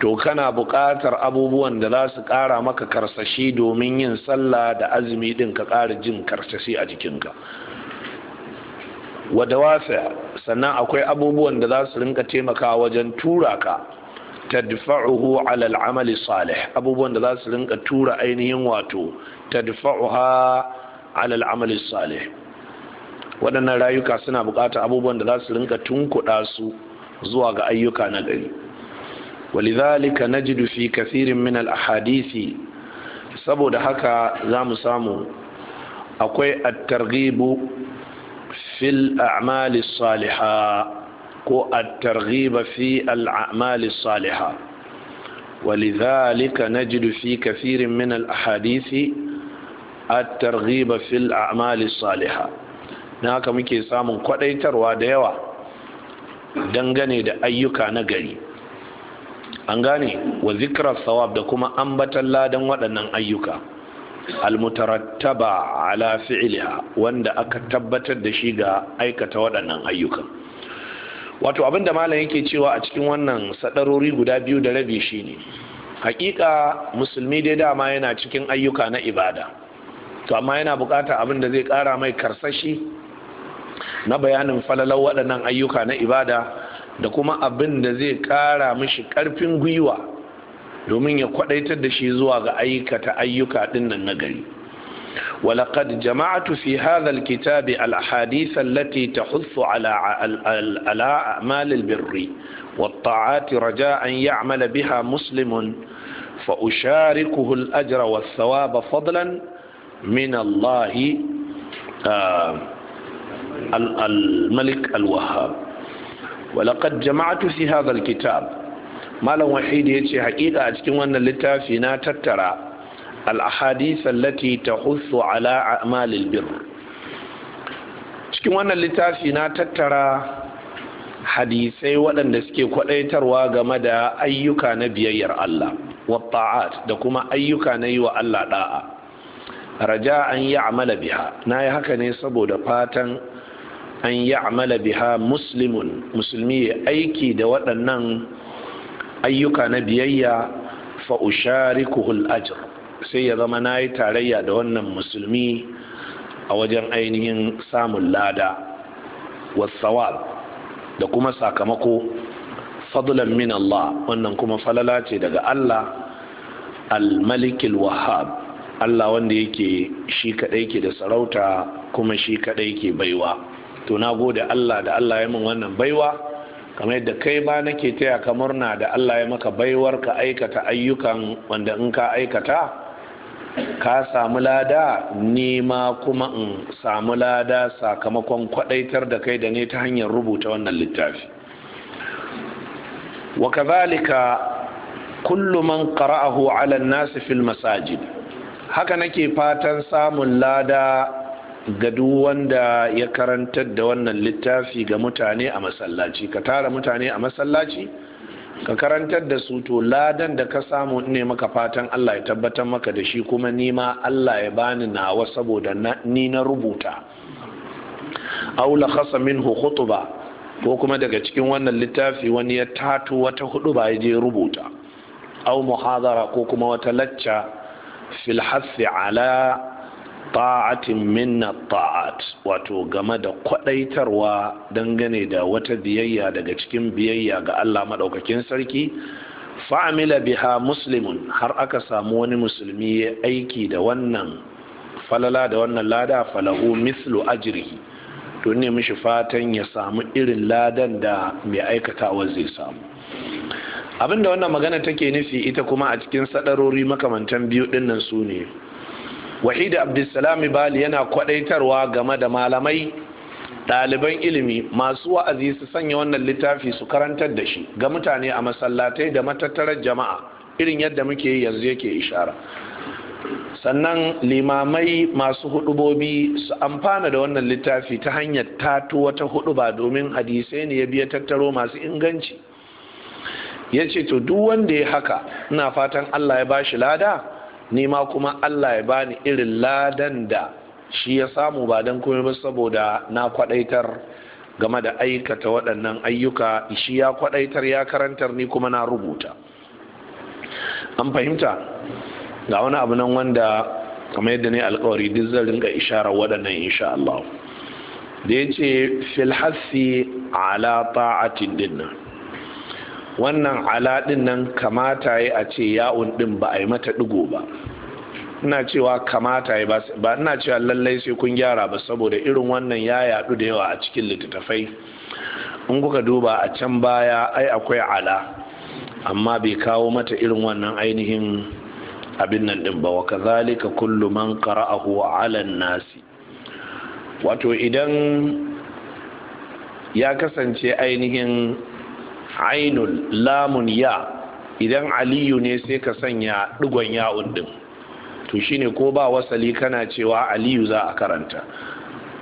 to kana buƙatar abubuwan da za su ƙara maka karsashi domin yin sallah da azumi ɗin ka ƙara jin karsashi a jikinka wadda wasa sannan akwai abubuwan da za su rinka taimaka wajen tura ka tadfa'uhu ala al'amali salih abubuwan da za su rinka tura ainihin wato tadfa'uha ala al'amali salih waɗannan rayuka suna buƙatar abubuwan da za su rinka tunkuɗa su zuwa ga ayyuka na gari ولذلك نجد في كثير من الأحاديث سبو دهكا زام سامو أقوي الترغيب في الأعمال الصالحة كو الترغيب في الأعمال الصالحة ولذلك نجد في كثير من الأحاديث الترغيب في الأعمال الصالحة ناكا مكي سامو قد يتروا ديوا dangane da ayyuka na an gane wa zikirar sawab da kuma ambatan ladan waɗannan ayyuka almutarattaba ala fi'liha wanda aka tabbatar da shi ga aikata waɗannan ayyuka wato abinda malam yake cewa a cikin wannan sadarori guda biyu da rabi shine hakika musulmi dai dama yana cikin ayyuka na ibada to amma yana bukata abin da zai kara mai karsashi na bayanin falalar waɗannan ayyuka na ibada da kuma abin da zai kara mishi karfin gwiwa domin ya kwadaitar da shi zuwa ga aikata ayyuka dinnan na gari ولقد جمعت في هذا الكتاب الأحاديث التي تحث على على أعمال البر والطاعات رجاء يعمل بها مسلم فأشاركه الأجر والثواب فضلا من الله الملك الوهاب walaƙad jama'atu fi hadhal kitab malam wahidi ya ce haƙiƙa a cikin wannan littafi na tattara al-ahadith allati tahussu ala a'malil birr cikin wannan littafi na tattara hadisai waɗanda suke kwaɗaitarwa game da ayyuka na biyayyar Allah wa ta'at da kuma ayyuka na yi wa Allah ɗa'a, raja an yi amala biha na yi haka ne saboda fatan an yi ya'mala biha muslimun musulmi ya aiki da waɗannan ayyuka na biyayya fa usharikuhul ajr sai ya zama na yi tarayya da wannan musulmi a wajen ainihin samun lada wasawab da kuma sakamako fadlan min Allah wannan kuma falala ce daga Allah al-malikil wahab, Allah wanda yake shi kadai ke da sarauta kuma shi kadai ke baiwa to na gode Allah da Allah ya min wannan baiwa kamar yadda kai ba nake taya ka murna da Allah ya maka baiwar ka aikata ayyukan wanda in ka aikata ka samu lada ni ma kuma in samu lada sakamakon kwadaitar da kai da ne ta hanyar rubuta wannan littafi wa kazalika kullu man qara'ahu 'ala an-nas fil masajid haka nake fatan samun lada ga duk wanda ya karantar da wannan littafi ga mutane a masallaci ka tara mutane a masallaci ka karantar da su to ladan da ka samu ne maka fatan Allah ya tabbatar maka da shi kuma nima Allah ya bani nawa saboda ni na rubuta aula khasa minhu khutba ko kuma daga cikin wannan littafi wani ya tatu wata hudu ba ya je rubuta au muhadara ko kuma wata lacca fil ala ta'atin minna ta'at wato game da kwadaitarwa dangane da wata biyayya daga cikin biyayya ga Allah maɗaukakin sarki fa'amila biha muslimun har aka samu wani musulmi ya aiki da wannan falala da wannan lada falahu mislu ajrihi to ne mishi fatan ya samu irin ladan da mai aikatawa zai samu abinda wannan magana take nufi ita kuma a cikin sadarori makamantan biyu dinnan su ne Wahida abdulsalam bali yana kwadaitarwa game da malamai ɗaliban ilimi masu wa'azi su sanya wannan littafi su karantar da shi ga mutane a masallatai da matattarar jama'a irin yadda muke yi yanzu yake ishara sannan limamai masu hudubobi su amfana da wannan littafi ta hanyar tatu wata ba domin hadisai ne ya biya tattaro masu inganci ya ce to duk wanda ya haka ina fatan allah ya bashi lada ni ma kuma Allah ya bani irin ladan da shi ya samu ba don kuma ba saboda na kwadaitar game da aikata waɗannan ayyuka shi ya kwadaitar ya karantar ni kuma na rubuta an fahimta ga wani abu nan wanda kamar yadda ne alkawari duk zan rinka isharar waɗannan insha Allah da ya ce filhassi ala ta'atin dinnan wannan ala nan kamata ya a ce ya'un din ba a yi mata digo ba ina cewa kamata ya ba ina cewa lallai sai kun gyara ba saboda irin wannan ya yadu da yawa a cikin littattafai in kuka duba a can baya ai akwai ala amma bai kawo mata irin wannan ainihin abin nan din ba wa kazalika kullu man qara'ahu ala nasi wato idan ya kasance ainihin ainul lamun ya idan aliyu ne sai ka sanya digon ya'un din to shine ko ba wasali kana cewa aliyu za a karanta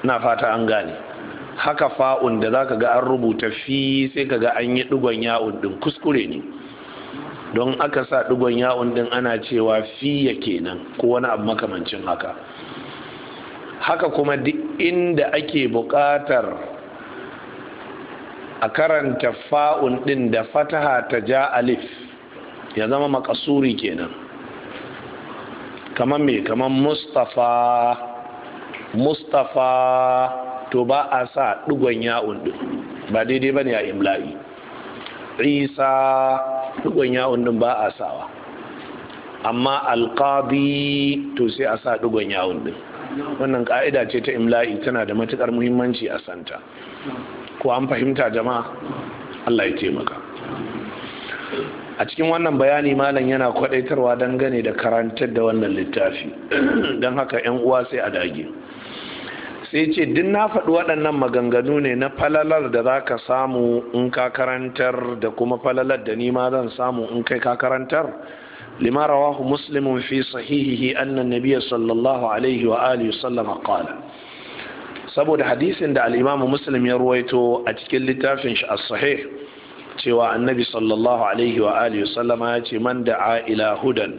na fata an gane haka fa'un da zaka ga an rubuta fi sai kaga an yi digon ya'un din kuskure ne don aka sa digon ya'un din ana cewa fiya kenan ko wani abu makamancin haka haka kuma duk inda ake buƙatar a karanta fa'un ɗin da fataha ta ja alif ya zama makasuri kenan kamar me kamar mustafa mustafa to ba a sa ɗigon ya'un ɗin ba daidai ba ne a imla'i risa ɗigon ya'un ɗin ba a sawa amma alƙabi to sai a sa ɗigon ya'un ɗin wannan ƙa'ida ce ta imla'i tana da matuƙar muhimmanci a santa ko an fahimta jama'a Allah ya taimaka a cikin wannan bayani malam yana kwadaitarwa dangane da karantar da wannan littafi don haka 'yan uwa sai a dage sai ce duk na faɗi waɗannan maganganu ne na falalar da za ka samu in ka karantar da kuma falalar da nima zan samu in kai ka karantar lima rawahu muslimun fi sahihihi annan nabiya sallallahu alaihi wa alihi sallama qala saboda hadisin da al'imamu muslim ya ruwaito a cikin littafin shi a sahih cewa annabi sallallahu alaihi wa alihi sallama ya ce man da'a ila hudan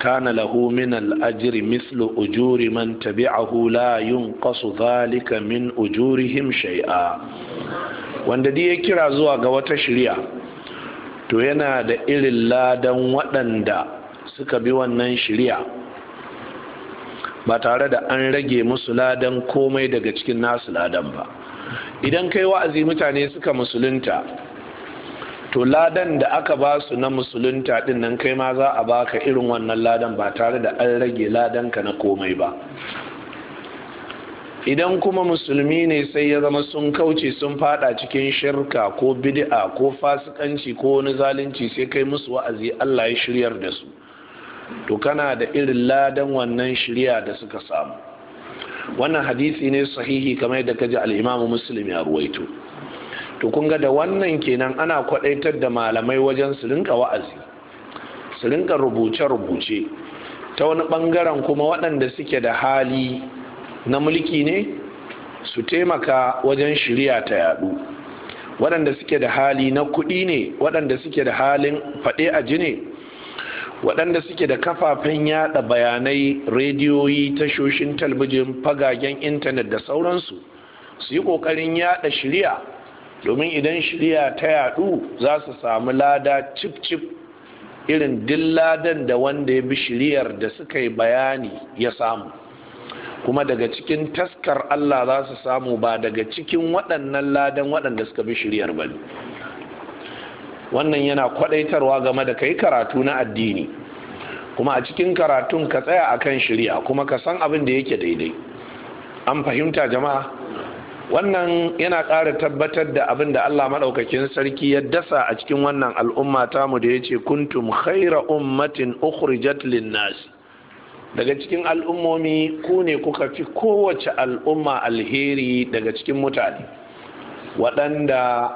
kana lahu min al-ajri mithlu ujuri man tabi'ahu la yunqasu dhalika min ujurihim shai'a. wanda dai ya kira zuwa ga wata shari'a to yana da irin ladan waɗanda suka bi wannan shari'a ba tare da an rage musu ladan komai daga cikin nasu ladan ba idan kai wa'azi mutane suka musulunta to ladan da aka ba su na musulunta din nan kai ma za a baka irin wannan ladan ba tare da an rage ladan ka na komai ba idan kuma musulmi ne sai ya zama sun kauce sun fada cikin shirka ko bid'a ko fasikanci ko wani zalunci sai kai musu wa'azi Allah ya shiryar da su to kana da irin ladan wannan shirya da suka samu wannan hadisi ne sahihi kamar da kaji al'imamu muslim ya ruwaito to kun ga da wannan kenan ana kwadaitar da malamai wajen su rinka wa'azi su rinka rubuce-rubuce ta wani bangaren kuma waɗanda suke da hali na mulki ne su taimaka wajen shirya ta yadu waɗanda suke da hali na kuɗi ne waɗanda suke da halin faɗe a ji ne waɗanda suke da kafafen yada bayanai rediyoyi tashoshin talbijin fagagen intanet da sauransu su yi ƙoƙarin yada shirya domin idan shirya ta yadu za su samu lada cip cip irin dilladan da wanda ya bi shiryar da suka yi bayani ya samu kuma daga cikin taskar Allah za su samu ba daga cikin waɗannan ladan waɗanda suka bi shiryar ba ne wannan yana kwadaitarwa game da kai karatu na addini kuma a cikin karatun ka tsaya a kan shirya kuma ka san abin da yake daidai an fahimta jama'a wannan yana ƙara tabbatar da abin da Allah maɗaukakin sarki ya dasa a cikin wannan al'umma mu da ya ce kuntum khaira ummatin ukhrijat linnas daga cikin al'ummomi ku ne kuka fi kowace al'umma alheri daga cikin mutane waɗanda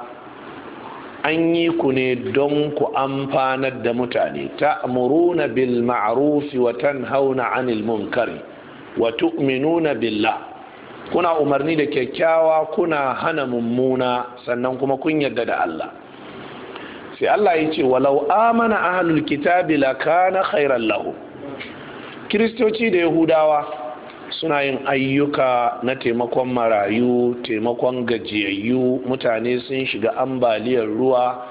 an yi ku ne don ku amfanar da mutane ta muruna bil ma'rufi wa tan tanhauna 'anil munkari wa tu'minuna billah kuna umarni da kyakkyawa kuna hana mummuna sannan kuma kun yarda da Allah sai Allah ya ce walau amana ahlul kitabi lakana khairan lahu kiristoci da yahudawa suna yin ayyuka na taimakon marayu taimakon gajiyayyu mutane sun shiga ambaliyar ruwa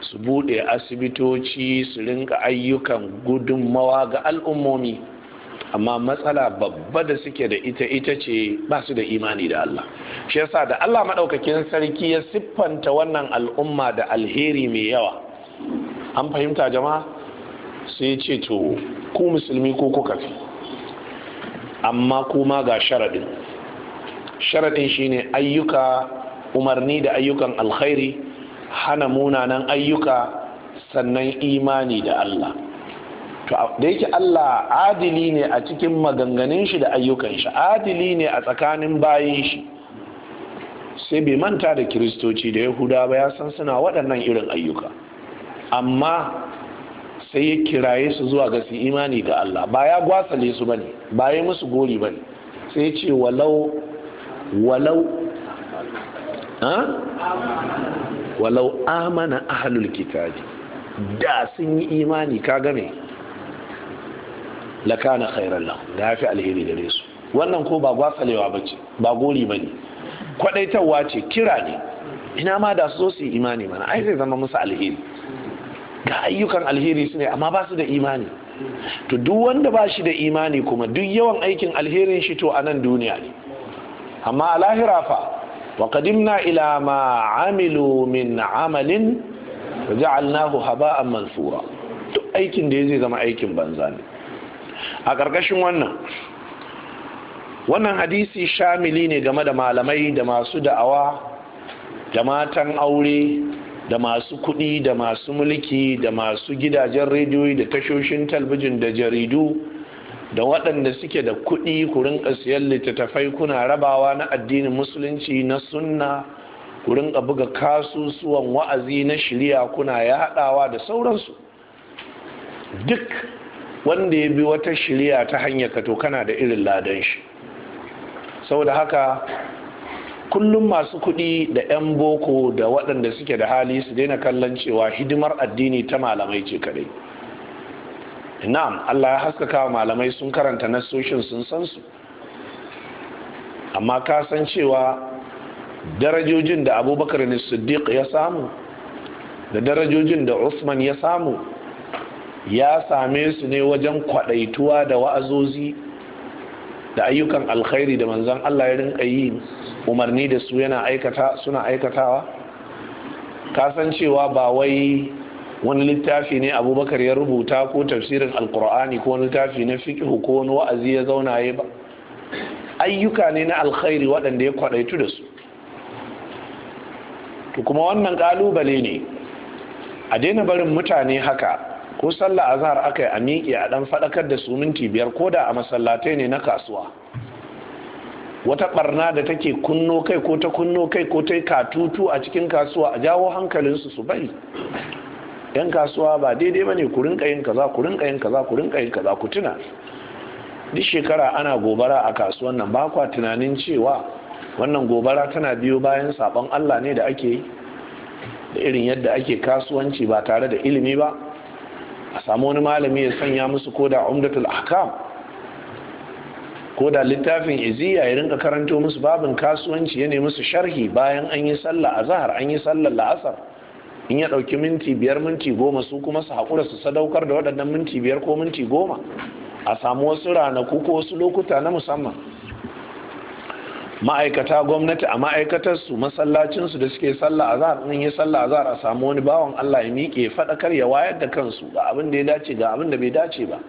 su bude asibitoci su rinka ayyukan gudunmawa ga al'ummomi amma matsala babba da suke da ita ita ce ba su da imani da Allah shi yasa da Allah maɗaukakin sarki ya siffanta wannan al'umma da alheri mai yawa an fahimta jama'a sai ce to ku musulmi ko kuka fi amma kuma ga sharaɗin sharaɗin shine ayyuka umarni da ayyukan alkhairi hana munanan ayyuka sannan imani da Allah to da yake Allah adili ne a cikin maganganun shi da ayyukan shi adili ne a tsakanin bayin shi sai bai manta da kiristoci da yahuda ba ya san suna waɗannan irin ayyuka amma sai ya kiraye su zuwa ga su imani ga Allah ba ya gwasale su bane ba ya musu gori bane sai ya ce walau walau walau amana ahlul kitabi da sun yi imani ka game lakana khairan lahu da ya fi alheri gare su wannan ko ba gwasalewa ba ce ba gori ba ne ce kira ne ina ma da su zo su yi imani mana ai zai zama musu alheri ga ayyukan alheri su ne amma ba su da imani to duk wanda ba shi da imani kuma duk yawan aikin alherin shi to a nan duniya ne amma a lahira fa wa qadimna ila ma amilu min amalin wa ja'alnahu haba'an mansura duk aikin da zai zama aikin banza ne a ƙarƙashin wannan wannan hadisi shamili ne game da malamai da masu da'awa da matan aure da masu kuɗi da masu mulki da masu gidajen rediyoyi da tashoshin talbijin da jaridu da waɗanda suke da kuɗi ku siyan littattafai kuna rabawa na addinin musulunci na sunna ku buga kasusuwan wa'azi na shirya kuna yaɗawa da sauransu duk wanda ya bi wata shirya ta hanyar ka kana da irin ladan shi saboda haka kullum masu kuɗi da 'yan boko da waɗanda suke da hali su daina kallon cewa hidimar addini ta malamai ce kadai na'am Allah ya haskaka wa malamai sun karanta na soshin sun san su amma ka san cewa darajojin da abubakar siddiq ya samu da darajojin da usman ya samu ya same su ne wajen kwaɗaituwa da wa'azozi da ayyukan alkhairi da manzan Allah ya rinka yi umarni da su yana aikata suna aikatawa kasancewa ba wai wani littafi ne abubakar ya rubuta ko tafsirin alkur'ani ko wani littafi na fiqhu ko wani wa'azi ya zauna ya ba ayyuka ne na alkhairi waɗanda ya kwaɗaitu da su to kuma wannan ƙalubale ne a daina barin mutane haka ko sallah azhar aka yi a miƙe a ɗan faɗakar da su minti biyar ko da a masallatai ne na kasuwa wata ɓarna da take kunno kai ko ta kunno kai ko ta katutu a cikin kasuwa a jawo hankalinsu su bari yan kasuwa ba daidai ba ne ku rinka yin kaza ku rinka yin kaza ku rinka yin kaza ku tuna duk shekara ana gobara a kasuwan nan ba tunanin cewa wannan gobara tana biyo bayan sabon allah ne da ake yi da irin yadda ake kasuwanci ba tare da ilimi ba a samu wani malami ya sanya musu ko da umdatul ahkam ko da littafin iziya ya rinka karanto musu babin kasuwanci ya nemi su sharhi bayan an yi sallah azhar an yi sallar la'asar in ya dauki minti biyar minti goma su kuma su haƙura su sadaukar da waɗannan minti biyar ko minti goma a samu wasu ranaku ko wasu lokuta na musamman ma'aikata gwamnati a ma'aikatarsu masallacinsu da suke sallah azhar in yi sallah azhar a samu wani bawan Allah ya miƙe faɗakar ya wayar da kansu ga abin da ya dace ga abin da bai dace ba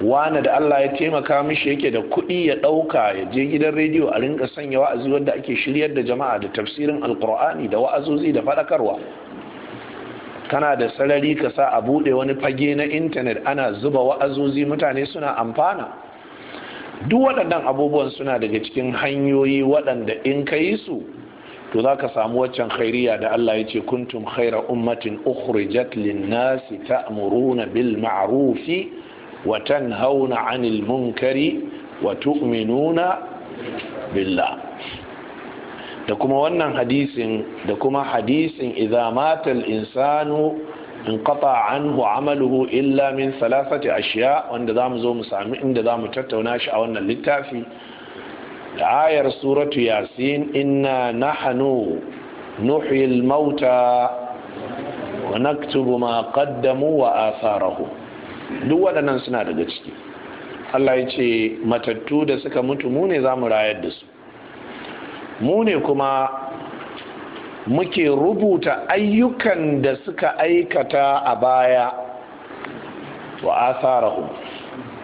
wani da Allah ya taimaka mishi yake da kuɗi ya ɗauka ya je gidan rediyo a rinka sanya wa'azi wanda ake shiryar da jama'a da tafsirin alkur'ani da wa'azozi da faɗakarwa kana da sarari ka sa a buɗe wani fage na intanet ana zuba wa'azozi mutane suna amfana duk waɗannan abubuwan suna daga cikin hanyoyi waɗanda in ka yi su to za ka samu waccan khairiya da Allah ya ce kuntum khaira ummatin ukhrijat lin-nasi ta'muruna bil ma'rufi wa tanhauna 'anil munkari wa tu'minuna billah da kuma wannan hadisin da kuma hadisin idza matal insanu انقطع عنه عمله الا wanda za mu zo mu sami inda za mu tattauna shi a wannan littafi ayar suratu yasin inna na hannu al mauta wa naktubu ma kaddamu wa atharahu duk waɗannan suna daga ciki Allah yace matattu da suka mutu mu ne zamu rayar da su mu ne kuma muke rubuta ayyukan da suka aikata a baya wa asarahu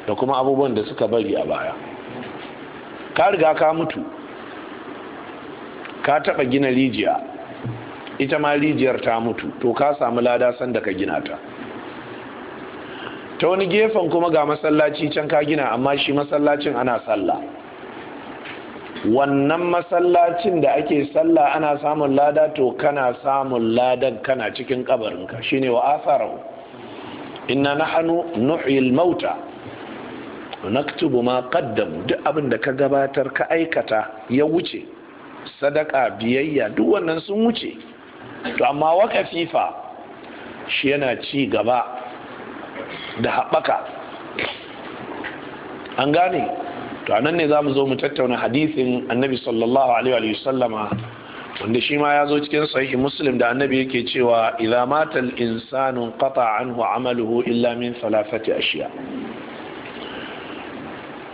da kuma abubuwan da suka bari a baya ka riga ka mutu ka taba gina rijiya ita ma rijiyar ta mutu to ka samu lada sanda ka gina ta ta wani gefen kuma ga masallaci can ka gina amma shi masallacin ana sallah wannan masallacin da ake sallah ana samun lada to kana samun ladan kana cikin kabarinka shine wa atharau inna nahnu nuhyil mauta naktubu ma qaddamu duk abin da ka gabatar ka aikata ya wuce sadaka biyayya duk wannan sun wuce to amma wakafi shi yana ci gaba da haɓaka an gane to nan ne mu zo mu tattauna hadisin annabi sallallahu alaihi wa sallama wanda shi ma ya zo cikin sahihi muslim da annabi yake cewa idza matal insanu qata anhu amaluhu illa min thalathati ashiya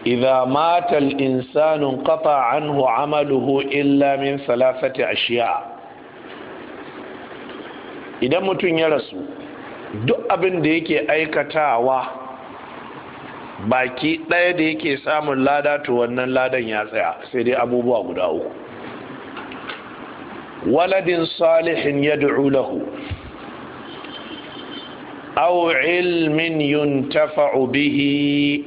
idza matal insanu qata anhu amaluhu illa min thalathati ashiya idan mutum ya rasu duk abin da yake aikatawa baki ɗaya da yake samun lada to wannan ladan ya tsaya sai dai abubuwa guda uku waladin salihin ya lahu aw ilmin yuntafa'u bihi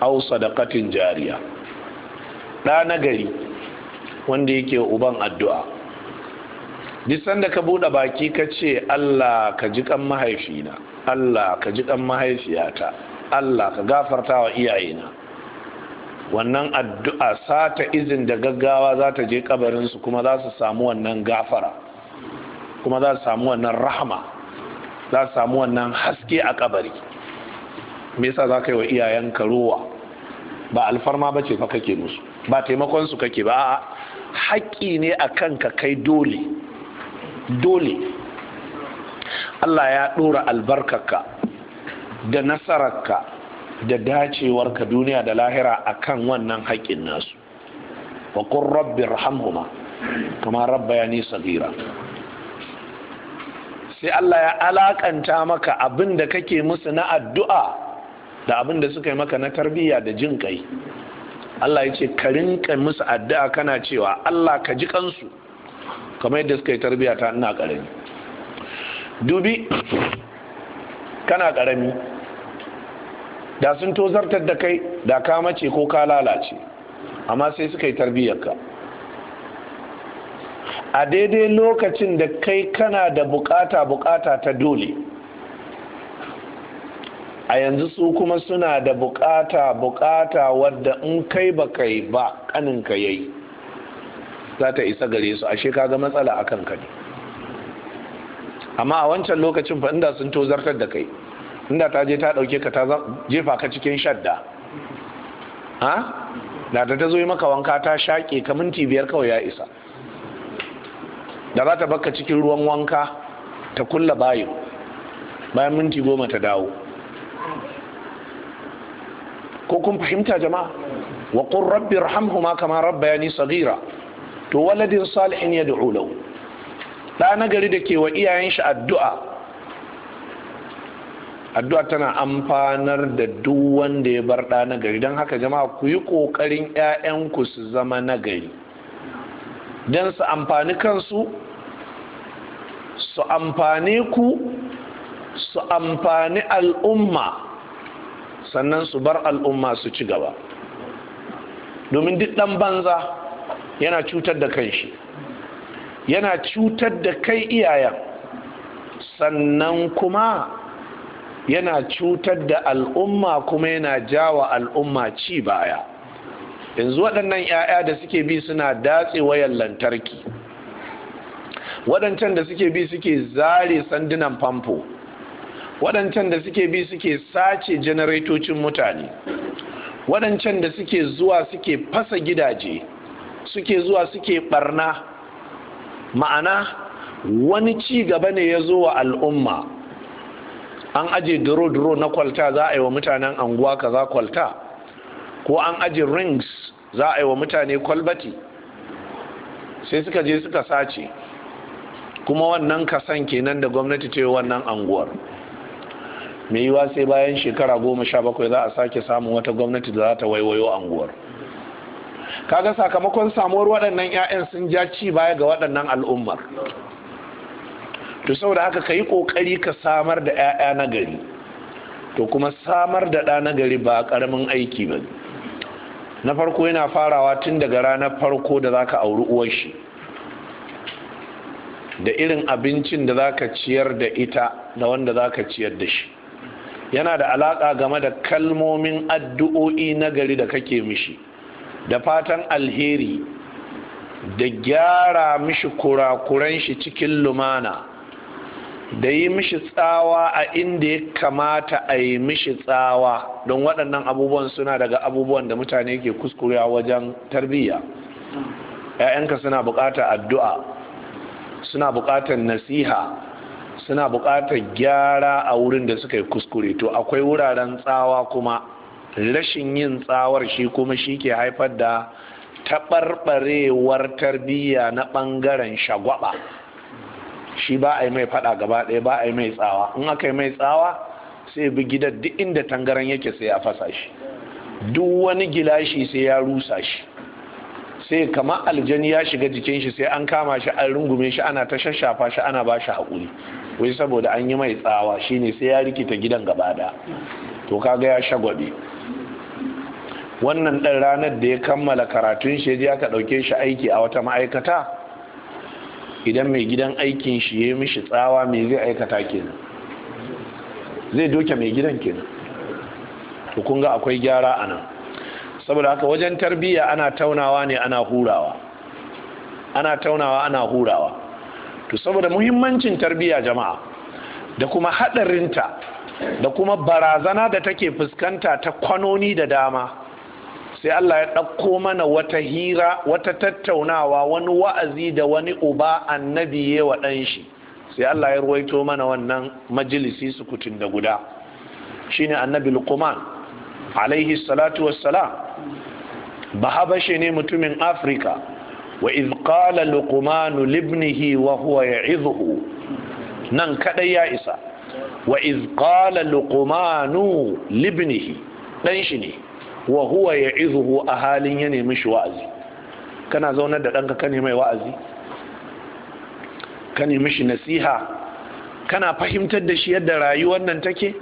aw sadaqatin jariya ɗa na gari wanda yake uban addu'a disan da ka buɗe baki ka ce Allah ka ji ƙan mahaifina Allah ka ji ƙan mahaifiyata Allah ka gafarta wa iyayena wannan addu'a sata izin da gaggawa za ta je kabarinsu kuma za su samu wannan gafara kuma za su samu wannan rahama za su samu wannan haske a kabari me yasa za ka yi wa iyayenka ruwa ba alfarma ba ce fa kake musu ba taimakon su kake ba haƙƙi ne a kanka kai dole dole Allah ya ɗora albarkarka da nasararka da dacewarka duniya da lahira akan wannan haƙƙin nasu wa qur rabbi irhamhuma kama rabbayani saghira sai Allah ya alakanta maka abin da kake musu na addu'a da abin da suka yi maka na tarbiyya da jin kai Allah ya ce ka rinka musu addu'a kana cewa Allah ka ji kansu kamar yadda suka yi tarbiyya ta ina karami dubi kana karami da sun tozartar da kai da ka mace ko ka lalace amma sai suka yi tarbiyyarka a daidai lokacin da kai kana da bukata bukata ta dole a yanzu su kuma suna da bukata bukata wadda in kai ba kai ba kaninka yayi za ta isa gare su ashe kaga matsala akan ka ne amma a wancan lokacin fa inda sun tozartar da kai inda ta je ta dauke ka ta jefa ka cikin shadda ha da ta zo yi maka wanka ta shaƙe ka minti biyar kawai ya isa da za ta baka cikin ruwan wanka ta kulla bayu, bayan minti goma ta dawo ko kun fahimta jama'a wa qur rabbi irhamhuma kama rabbayani saghira to waladin salihin yad'u lahu da nagari da ke wa iyayen shi addu'a addu'a tana amfanar da duk wanda ya bar ɗa na gari don haka jama'a ku yi ƙoƙarin 'ya'yanku su zama na gari don su amfani kansu su amfani ku su amfani al'umma sannan su bar al'umma su ci gaba domin duk ɗan banza yana cutar da kan shi yana cutar da kai iyayen sannan kuma yana cutar da al'umma kuma yana jawa al'umma ci baya yanzu waɗannan 'ya'ya da suke bi suna datse wayan lantarki waɗancan da suke bi suke zare sandunan famfo waɗancan da suke bi suke sace janaretocin mutane waɗancan da suke zuwa suke fasa gidaje suke zuwa suke ɓarna ma'ana wani ci gaba ne ya zo wa al'umma an aje duro-duro na kwalta za a yi wa mutanen anguwa kaza kwalta ko an aje rings za a yi wa mutane kwalbati sai suka je suka sace kuma wannan kasan kenan da gwamnati ce wannan anguwar mai yiwa sai bayan shekara goma sha bakwai za a sake samun wata gwamnati da za ta waiwayo anguwar kaga sakamakon samuwar waɗannan 'ya'yan sun ja ci baya ga waɗannan al'ummar to saboda haka ka yi ƙoƙari ka samar da 'ya'ya na gari to kuma samar da ɗa na gari ba karamin aiki ba na farko yana farawa tun daga ranar farko da za ka auri uwar shi da irin abincin da za ka ciyar da ita da wanda za ka ciyar da shi yana da alaƙa game da kalmomin addu'o'i na gari da kake mishi da fatan alheri da gyara mishi kurakuran shi cikin lumana da yi mishi tsawa a inda ya kamata a yi mishi tsawa don waɗannan abubuwan suna daga abubuwan da mutane ke kuskurewa wajen tarbiyya ‘ya'yanka suna buƙatar addu'a suna buƙatar nasiha suna buƙatar gyara a wurin da suka yi kuskure to akwai wuraren tsawa kuma rashin yin tsawar shi kuma shi ke haifar da taɓarɓarewar tarbiyya na ɓangaren shagwaba shi ba a yi mai faɗa gaba ɗaya ba a yi mai tsawa in aka yi mai tsawa sai bi gidan duk inda tangaran yake sai a fasa shi duk wani gilashi sai ya rusa shi sai kamar aljani ya shiga jikin shi sai an kama shi an rungume shi ana ta shashafa shi ana ba shi haƙuri wai saboda an yi mai tsawa shine sai ya rikita gidan gaba da to kaga ya shagwabe wannan ɗan ranar da ya kammala karatun shi ya aka ɗauke shi aiki a wata ma'aikata idan mai gidan aikin shi ya mishi tsawa mai zai aikata kenan zai doke mai gidan kenan to kun ga akwai gyara a nan saboda haka wajen tarbiyya ana taunawa ne ana hurawa ana taunawa ana hurawa to saboda muhimmancin tarbiyya jama'a da kuma haɗarinta da kuma barazana da take fuskanta ta kwanoni da dama sai Allah ya ɗauko mana wata hira wata tattaunawa wani wa'azi da wani uba annabi ya wa ɗan shi sai Allah ya ruwaito mana wannan majalisi sukutun da guda shine annabi Luqman alaihi salatu wassalam bahabashe ne mutumin Afirka wa iz qala luqman libnihi wa huwa ya'idhuhu nan kadai ya isa wa iz qala luqman libnihi dan shi ne wa huwa ya izuhu a halin ya nemi shi wa'azi kana zaunar da ɗanka ka mai wa'azi ka nemi shi nasiha kana fahimtar da shi yadda rayuwar nan take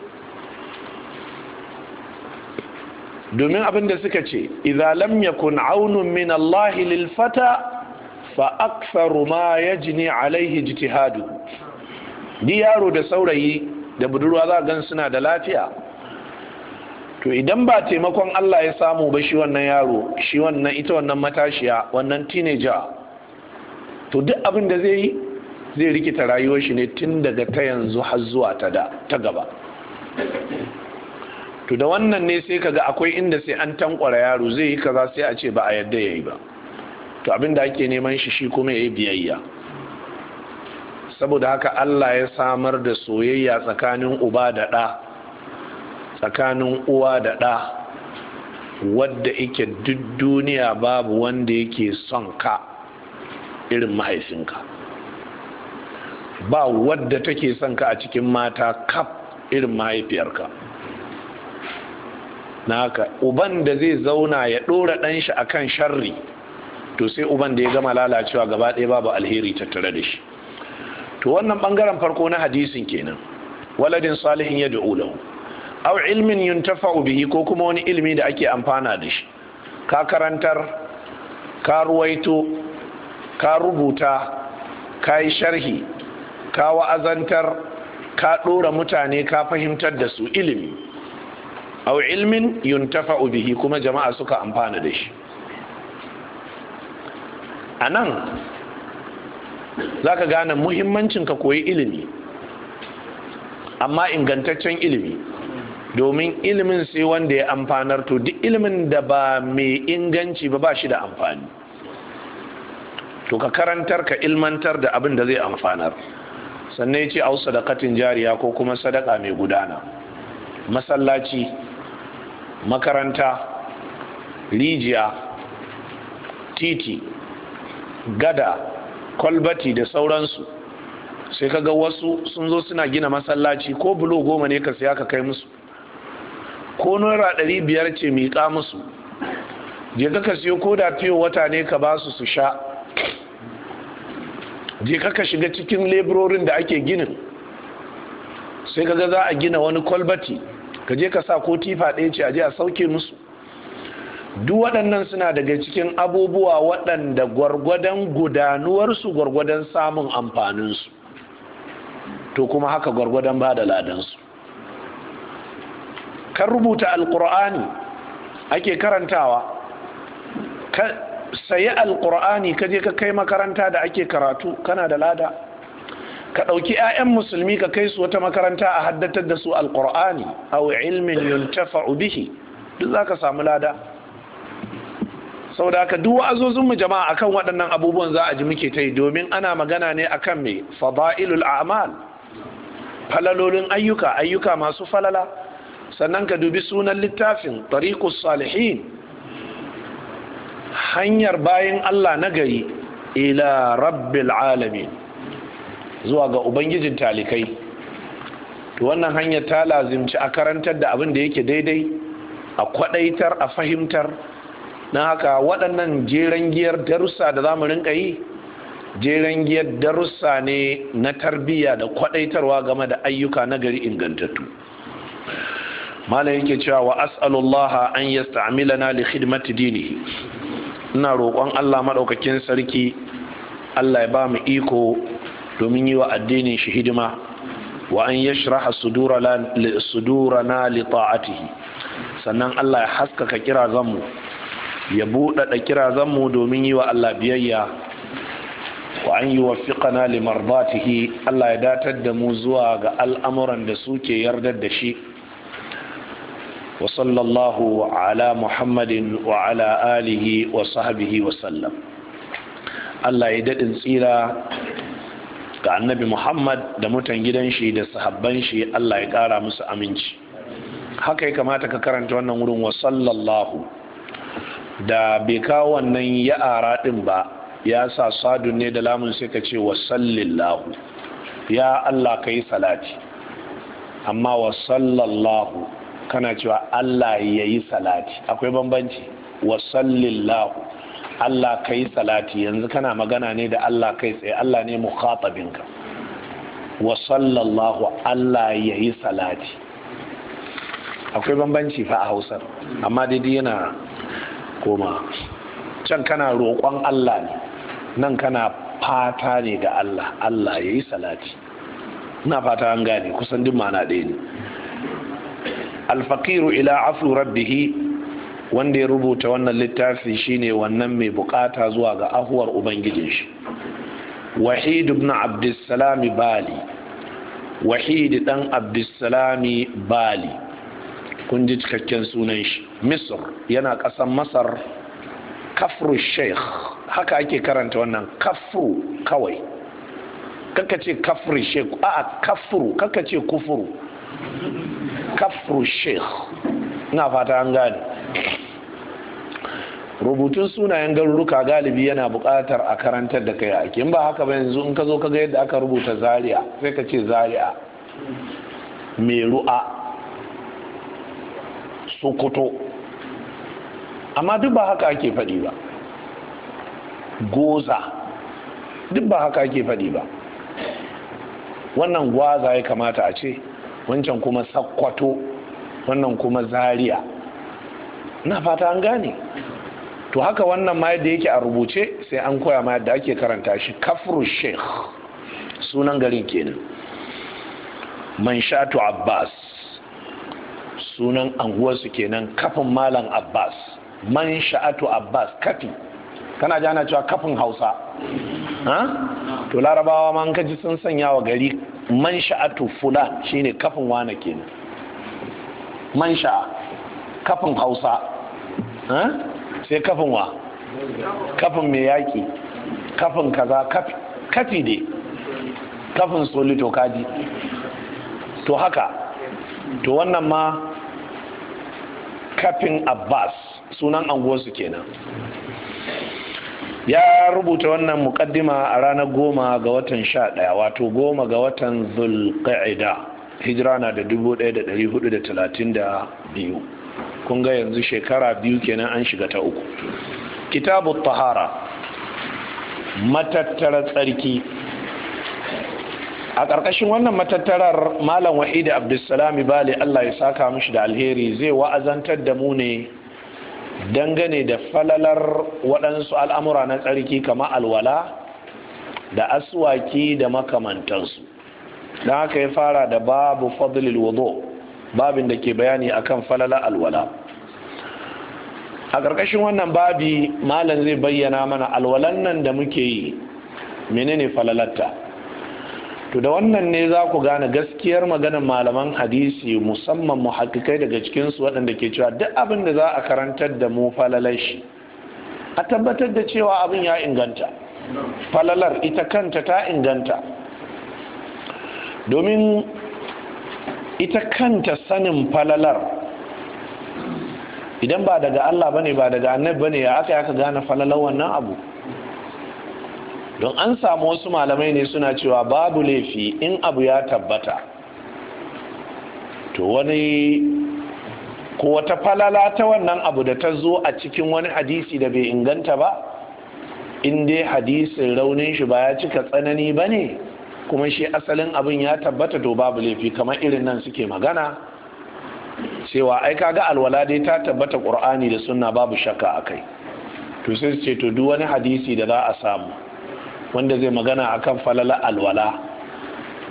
domin abin da suka ce idza lam yakun aunun min Allah lil fa aktharu ma yajni alaihi ijtihadu di yaro da saurayi da budurwa za gan suna da lafiya to idan ba taimakon Allah ya samu ba shi wannan yaro shi wannan ita wannan matashiya wannan teenager to duk abin da zai yi zai rikita rayuwar shi ne tun daga ta yanzu har zuwa ta da ta gaba to da wannan ne sai kaga akwai inda sai an tankwara yaro zai yi kaza sai a ce ba a yadda yayi ba to abin da ake neman shi shi kuma yayi biyayya saboda haka Allah ya samar da soyayya tsakanin uba da ɗa tsakanin uwa da ɗa wadda ike duk duniya babu wanda yake son ka irin mahaifinka ba wadda take son ka a cikin mata kaf irin mahaifiyarka na haka uban da zai zauna ya ɗora ɗanshi a kan sharri to sai uban da ya gama lalacewa gaba ɗaya babu alheri tattare da shi to wannan ɓangaren farko na hadisin kenan waladin salihin ya da'u lahu aw ilmin yuntafa'u bihi ko kuma wani ilimi da ake amfana da shi ka karantar ka ruwaito ka rubuta ka yi sharhi ka wa'azantar ka ɗora mutane ka fahimtar da su ilimi aw ilmin yuntafa'u bihi kuma jama'a suka amfana da shi a nan za ka gane muhimmancin ka koyi ilimi amma ingantaccen ilimi domin ilimin sai wanda ya amfanar to duk ilimin da ba mai inganci ba ba shi da amfani to ka karantar ka ilmantar da abin da zai amfanar sannan ya ce wasu sadakatin jariya ko kuma sadaka mai gudana masallaci makaranta rijiya titi gada kwalbati da sauransu sai ka ga wasu sun zo suna gina masallaci ko bulo goma ne ka siya ka kai musu ko naira ɗari biyar ce miƙa musu je ka ka siyo koda fiye wata ne ka basu su sha je ka ka shiga cikin leburorin da ake ginin sai ka ga za a gina wani kwalbati ka je ka sa ko tifa ɗaya ce a je a sauke musu duk waɗannan suna daga cikin abubuwa waɗanda gwargwadon gudanuwarsu gwargwadon samun amfaninsu to kuma haka gwargwadon ba da ladansu kan rubuta alkur'ani ake karantawa ka sayi alkur'ani ka je ka kai makaranta da ake karatu kana da lada ka ɗauki 'ya'yan musulmi ka kai su wata makaranta a haddatar da su alkur'ani a ilmin yuntafa'u bihi duk za ka samu lada saboda aka duk azuzunmu jama'a akan waɗannan abubuwan za a ji muke ta yi domin ana magana ne akan mai fada'ilul a'mal falalolin ayyuka ayyuka masu falala sannan ka dubi sunan littafin tariqus salihin hanyar bayan Allah na gari ila rabbil alamin zuwa ga ubangijin talikai to wannan hanyar ta lazimci a karantar da abin da yake daidai a kwadaitar a fahimtar na haka waɗannan jerangiyar darussa da za mu rinka yi jerangiyar giyar darussa ne na tarbiyya da kwadaitarwa game da ayyuka na gari ingantattu malam yake cewa wa as'alullaha an yasta'milana li khidmati dinihi ina roƙon Allah maɗaukakin sarki Allah ya ba mu iko domin yi wa addinin shi hidima wa an yashraha sudurana li ta'atihi sannan Allah ya haskaka zanmu ya buɗaɗa zanmu domin yi wa Allah biyayya wa an yi wafiƙana li marbatihi Allah ya datar da mu zuwa ga al'amuran da suke yardar da shi وصلى الله على محمد وعلى آله وصحبه وسلم الله يدد tsira ga annabi Muhammad da mutan gidan shi da sahabban shi Allah ya ƙara musu aminci haka ya kamata ka karanta wannan wurin wa sallallahu da bai kawo wannan ara din ba ya sa sadu ne da lamun sai ka ce wa sallallahu ya Allah kai salati amma wa sallallahu kana cewa Allah ya yi salati akwai bambanci wa sallillahu Allah ka yi salati yanzu kana magana ne da Allah kai tsaye Allah ne mukhatabinka wa sallallahu Allah ya yi salati akwai bambanci fa a hausar amma dai yana koma can kana roƙon Allah ne nan kana fata ne ga Allah Allah ya yi salati ina fata an gane kusan duk ma'ana ɗaya ne alfaqiru ila afu rabbihi wanda ya rubuta wannan littafi shine wannan mai bukata zuwa ga ahuwar ubangijin shi wahid ibn abdussalam bali wahid dan abdussalam bali kun ji cikakken sunan shi misr yana kasan masar kafru sheikh haka ake karanta wannan kafru kawai kakace ce sheikh a'a kafru kakace ce kufuru kafru sheikh na fata an gane rubutun sunayen garuruka galibi yana buƙatar a karantar da kai a ba haka ba yanzu in ka zo kaga yadda aka rubuta zaria sai ka ce zaria meru'a sokoto amma duk ba haka ake faɗi ba goza duk ba haka ake faɗi ba wannan gwaza ya kamata a ce wancan kuma Sakwato, wannan kuma Zariya. na fata an gane to haka wannan ma yadda yake a rubuce sai an koya ma yadda ake karanta shi kafru sheikh sunan garin kenan manshatu abbas sunan anguwarsu kenan kafin malam abbas manshatu abbas kafi kana ji ana cewa kafin hausa to larabawa ma ka ji sun sanya wa gari man sha'atu fula shine kafin wane kenan man sha'a kafin hausa sai kafin wa kafin mai yaki kafin kaza kafi dai kafin solito kaji to haka to wannan ma kafin abbas sunan anguwarsu kenan ya rubuta wannan mukaddima a ranar goma ga watan sha ɗaya wato goma ga watan zulqa'ida hijira na da dubu da da da talatin biyu. kun ga yanzu shekara biyu kenan an shiga ta uku kitabu tahara matattara tsarki a ƙarƙashin wannan matattarar malam wahidi abdulsalami bali allah ya saka mishi da alheri zai wa'azantar da mu ne dangane da falalar waɗansu al'amura na tsarki kama alwala da aswaki da makamantansu don haka ya fara da babu fadlil wudu babin da ke bayani akan falala alwala a ƙarƙashin wannan babi malam zai bayyana mana alwalan nan da muke yi menene falalatta to da wannan ne za ku gane gaskiyar maganar malaman hadisi musamman muhakkikai daga cikin su waɗanda ke cewa duk abin da za a karantar da mu falalar shi a tabbatar da cewa abin ya inganta falalar ita kanta ta inganta domin ita kanta sanin falalar idan ba daga Allah bane ba daga annabi bane ya aka aka gane falalar wannan abu don an samu wasu malamai ne suna cewa babu laifi in abu ya tabbata to wani ko wata falala ta wannan abu da ta zo a cikin wani hadisi da bai inganta ba in dai hadisin raunin shi ba ya cika tsanani ba ne kuma shi asalin abin ya tabbata to babu laifi kamar irin nan suke magana cewa ai kaga alwala dai ta tabbata ƙur'ani da sunna babu shakka akai to sai ce to duk wani hadisi da za a samu wanda zai magana akan falala alwala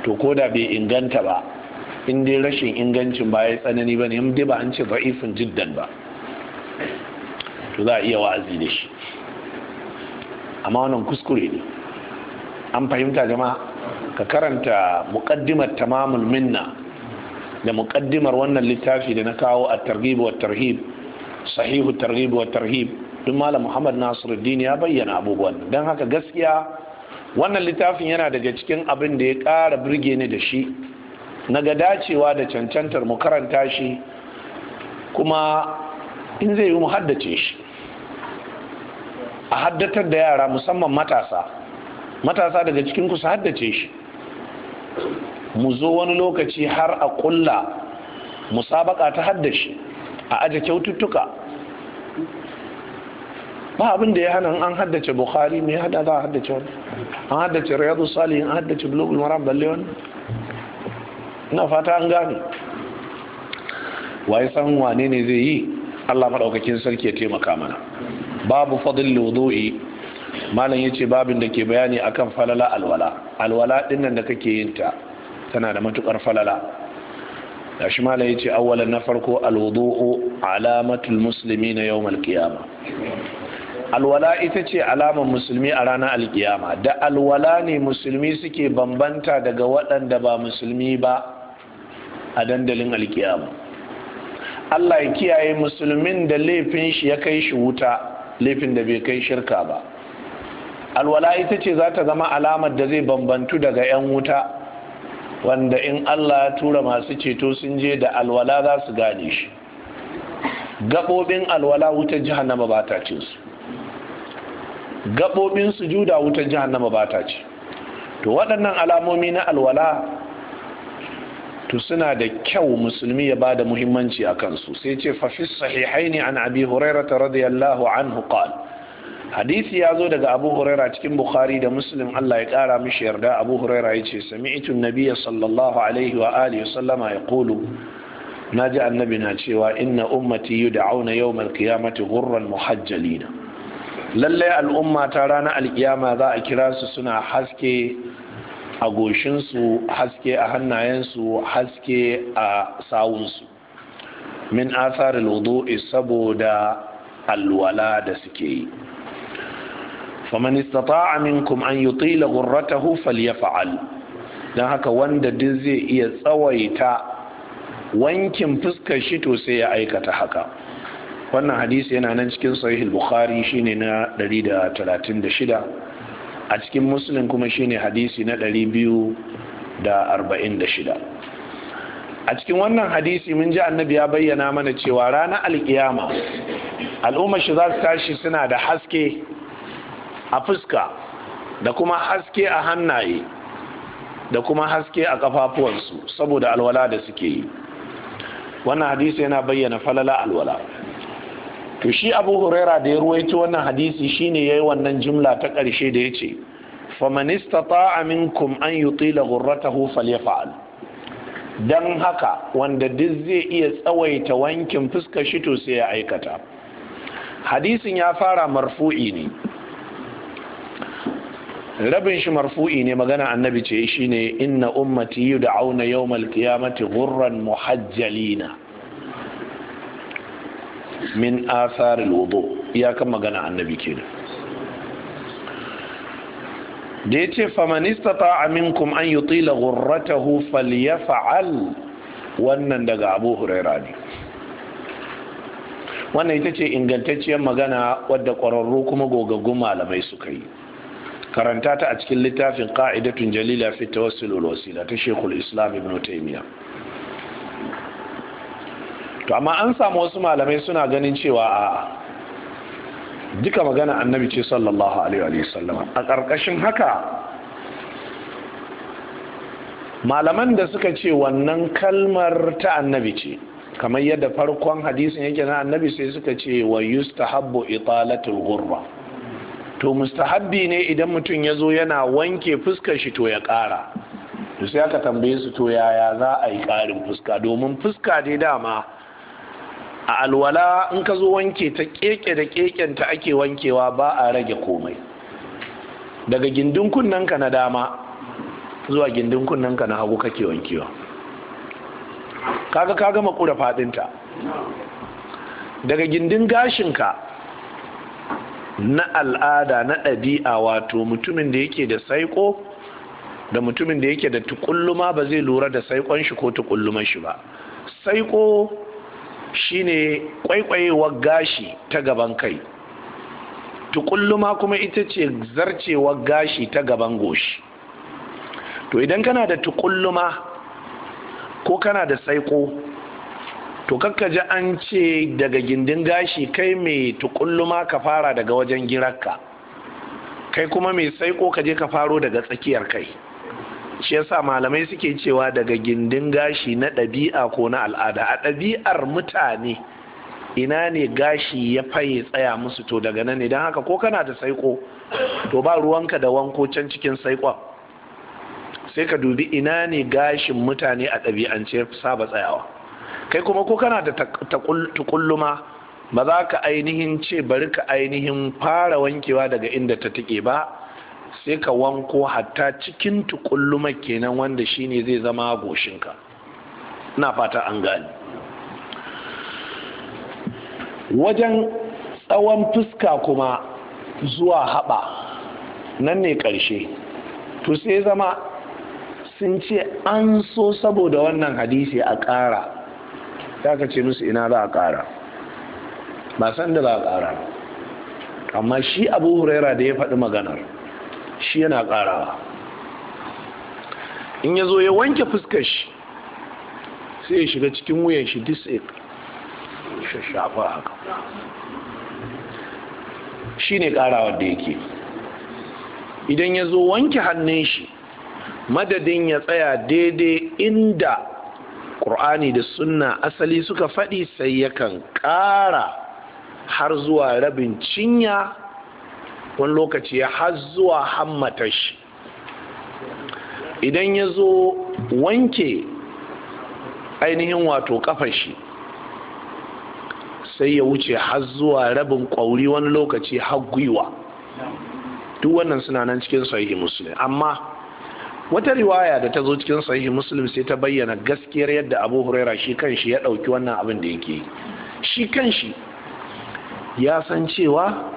to ko da bai inganta ba in dai rashin ingancin ba ya tsanani ba ne in dai ba an ce za'ifin jiddan ba to za a iya wa'azi da shi amma wannan kuskure ne an fahimta jama'a ka karanta muqaddimar tamamul minna da muqaddimar wannan littafi da na kawo a targhib wa tarhib sahihu targhib wa tarhib duk malam Muhammad Nasiruddin ya bayyana abubuwan don haka gaskiya wannan littafin yana daga cikin abin da ya ƙara birge ni da shi na ga dacewa da cancantar mu karanta shi kuma in zai yi mu haddace shi a haddatar da yara musamman matasa matasa daga cikin kusa haddace shi mu zo wani lokaci har a kulla musabaka ta haddashi a aje kyaututtuka ba abin da ya hana an haddace bukhari mai hada za a haddace wani an haddace riyadu salihin an haddace bulugul maram balle wani ina fata an gane waye san wane ne zai yi Allah maɗaukakin sarki ya taimaka mana babu fadl lodo'i malam ya ce babin da ke bayani akan falala alwala alwala nan da kake yin ta tana da matukar falala shi malam ya ce awwalan na farko alwudu'u alamatul na yawmal Malkiyama. alwala ita ce alamar musulmi a ranar alkiyama da alwala ne musulmi suke bambanta daga waɗanda ba musulmi ba a dandalin alkiyama Allah ya kiyaye musulmin da laifin shi ya kai shi wuta laifin da bai kai shirka ba alwala ita ce za ta zama alamar da zai bambantu daga 'yan wuta wanda in Allah ya tura masu ceto sun je da alwala za su gane shi gaɓoɓin alwala wutar jihannama ba ta cin su gaɓoɓin sujuda wutar jihar ba ta ce to waɗannan alamomi na alwala to suna da kyau musulmi ya bada muhimmanci a kansu sai ce fafis sahihai ne an abi Hurera ta radiyallahu anhu qal hadisi ya zo daga abu huraira cikin bukhari da muslim allah ya kara mishi yarda abu huraira ya ce sami'tu Nabiya sallallahu alaihi wa alihi sallama ya kulu. Na ji annabi na cewa inna ummati yau yawmal qiyamati ghurran muhajjalina lallai al'umma ta ranar alkiyama za a kira su suna haske a goshinsu haske a hannayensu haske a sawunsu min asarar wudu'i saboda alwala da suke yi faman istata'a minkum an yutila ya fa'al, don haka wanda duk zai iya tsawaita wankin fuskar shi to sai ya aikata haka wannan hadisi yana nan cikin sahih bukhari shine na 136 a cikin muslim kuma shine hadisi na 246 a cikin wannan hadisi mun ji annabi ya bayyana mana cewa ranar alkiyama al'umma shi za su tashi suna da haske a fuska da kuma haske a hannaye da kuma haske a kafafuwansu saboda alwala da suke yi wannan hadisi yana bayyana falala alwala to shi abu huraira da ya ruwaito wannan hadisi shine yayi wannan jimla ta ƙarshe da yace faman istata'a minkum an yutila ghurratahu falyaf'al dan haka wanda duk zai iya tsawaita wankin fuskar shi to sai ya aikata hadisin ya fara marfu'i ne rabin shi marfu'i ne magana annabi ce shine inna ummati yud'auna yawmal qiyamati ghurran muhajjalina min lobo wudu iyakan magana annabi kenan da ya ce famanista ta aminkum an yi tila ya fa’al wannan daga abu huraira ne wannan ita ce ingantacciyar magana wadda ƙwararru kuma gogaggun malamai suka yi karanta ta a cikin littafin ƙa'idatun jalila fi tawassul wasila ta shekul islam ibn taymiyyah to amma an samu wasu malamai suna ganin cewa a duka magana annabi ce sallallahu alaihi sallam. a ƙarƙashin haka malaman da suka ce wannan kalmar ta annabi ce kamar yadda farkon hadisin yake na annabi sai suka ce wa yustahabbu italatul ghurba to mustahabbi ne idan mutum ya zo yana wanke fuskar shi to ya ƙara to sai aka tambaye su to yaya za a yi ƙarin fuska domin fuska dai dama a alwala in ka zo wanke ta keke da kekenta ake wankewa ba a rage komai daga gindin ka na dama zuwa gindin ka na hagu kake wankewa kaga ka gama kura fadinta daga gindin gashin ka na al'ada na ɗabi'a wato mutumin da yake da saiko da mutumin da yake da tukulluma ba zai lura da saikon shi ko tukullumar shi ba saiko shine kwaikwayewar gashi ta gaban kai tukulluma kuma ita ce zarcewar gashi ta gaban goshi to idan kana da tukulluma ko kana da saiko to kakka ji an ce daga gindin gashi kai mai tukulluma ka fara daga wajen girarka kai kuma mai saiko ka je ka faro daga tsakiyar kai shi yasa malamai suke cewa daga gindin gashi na ɗabi'a ko na al'ada a ɗabi'ar mutane ina ne gashi ya faye tsaya musu to daga nan ne don haka ko kana da saiko to ba ruwanka da wanko can cikin saikon sai ka dubi ina ne gashin mutane a ɗabi'ance saba tsayawa kai kuma ko kana da tukulluma ba za ka ainihin ce bari ka ainihin fara wankewa daga inda ta tike ba sai ka wanko hatta cikin tukulluma kenan wanda shine zai zama goshinka na fata an gani wajen tsawon fuska kuma zuwa haɓa nan ne ƙarshe to sai zama sun ce an so saboda wannan hadisi a ƙara ya ka ce musu ina za a ƙara ba san da za a ƙara amma shi abu huraira da ya faɗi maganar shi yana ƙarawa in ya zo ya wanke fuskar shi sai ya shiga cikin wuyan shi disik shafa haka shi ne ƙarawa da yake idan ya zo wanke hannun shi madadin ya tsaya daidai inda ƙur'ani da sunna asali suka faɗi sai yakan ƙara har zuwa rabin cinya wani lokaci ya har zuwa hammatar shi idan ya zo wanke ainihin wato kafar shi sai ya wuce har zuwa rabin kwauri wani lokaci har gwiwa duk wannan suna nan cikin sahihi musulun amma wata riwaya da ta zo cikin sahihi musulun sai ta bayyana gaskiyar yadda abu huraira shi kanshi ya ɗauki wannan abin da yake yi shi kanshi ya san cewa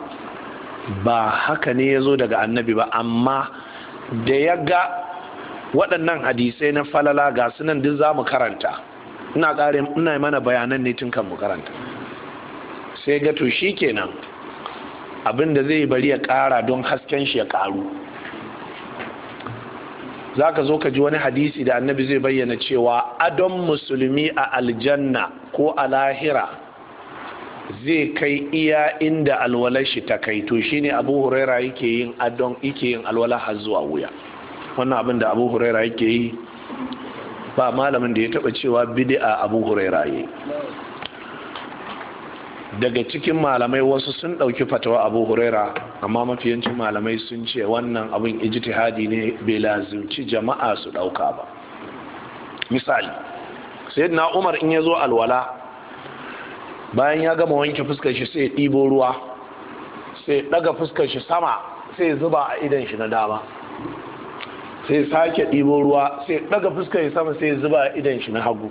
ba haka ne ya zo daga annabi ba amma da ya ga waɗannan hadisai na falala ga sunan duk za mu karanta ina ƙari ina mana bayanan ne tun kan mu karanta sai ga to shi kenan abin da zai bari ya ƙara don hasken shi ya ƙaru za ka zo ka ji wani hadisi da annabi zai bayyana cewa adon musulmi a aljanna ko a lahira zai kai iya inda alwalar shi ta kai to shine abu huraira yake yin addon yake yin alwala har zuwa wuya wannan abin da abu huraira yake yi ba malamin da ya taba cewa bid'a abu huraira yi daga cikin malamai wasu sun ɗauki fatawa abu huraira amma mafiyancin malamai sun ce wannan abin ijtihadi ne bai lazimci jama'a su ɗauka ba misali sayyidina umar in ya zo alwala bayan ya gama wanke fuskar shi sai ɗibo ruwa sai ɗaga fuskar shi sama sai zuba a idan shi na dama sai sake ɗibo ruwa sai ɗaga fuskar shi sama sai zuba a idan shi na hagu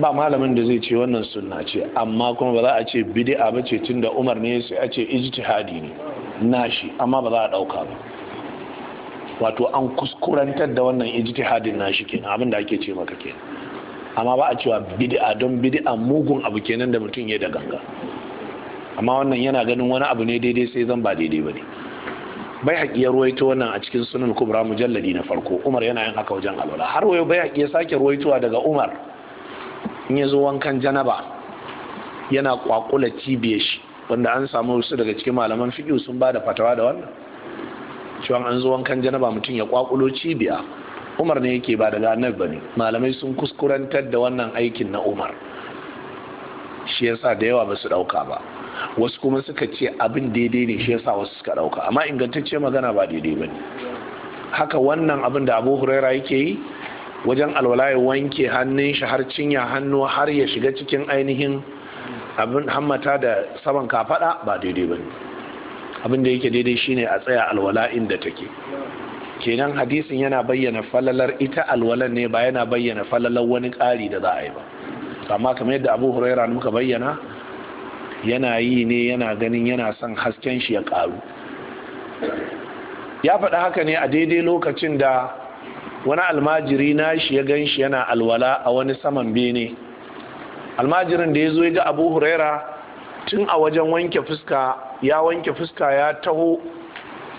ba malamin da zai ce wannan sunna ce amma kuma ba za a ce bid'a ba ce tunda Umar ne sai a ce ijtihadi ne nashi amma ba za a ɗauka ba wato an kuskurantar da wannan ijtihadin nashi kenan abin da ake ce maka kenan amma ba a cewa bid'a don bid'a mugun abu kenan da mutum ya da ganga amma wannan yana ganin wani abu ne daidai sai zan ba daidai ba ne bai haƙi ya ruwaito wannan a cikin sunan kubra mujalladi na farko umar yana yin haka wajen alwala har wayo bai haƙi ya sake ruwaitowa daga umar in ya zo wankan janaba yana kwakula cibiyar shi wanda an samu wasu daga cikin malaman fiƙi sun ba da fatawa da wannan cewa an zo wankan janaba mutum ya kwakulo cibiya umar ne yake ba daga annabi ne malamai sun kuskurantar da wannan aikin na umar shi yasa da yawa ba su dauka ba wasu kuma suka ce abin daidai ne shi yasa wasu suka ɗauka amma ingantacce magana ba daidai ba ne haka wannan abin da abu huraira yake yi wajen alwala ya wanke hannun shi har cinya hannu har ya shiga cikin ainihin abin hammata da saman kafada ba daidai ba ne abin da yake daidai shine a tsaya alwala inda take kenan hadisin yana bayyana falalar ita alwalan ne ba yana bayyana falalar wani ƙari da za a yi ba amma kamar yadda abu huraira muka bayyana yana yi ne yana ganin yana son hasken shi ya ƙaru ya faɗi haka ne a daidai lokacin da wani almajiri na shi ya gan shi yana alwala a wani saman bene almajirin da ya zo ya ga abu huraira tun a wajen wanke fuska ya wanke fuska ya taho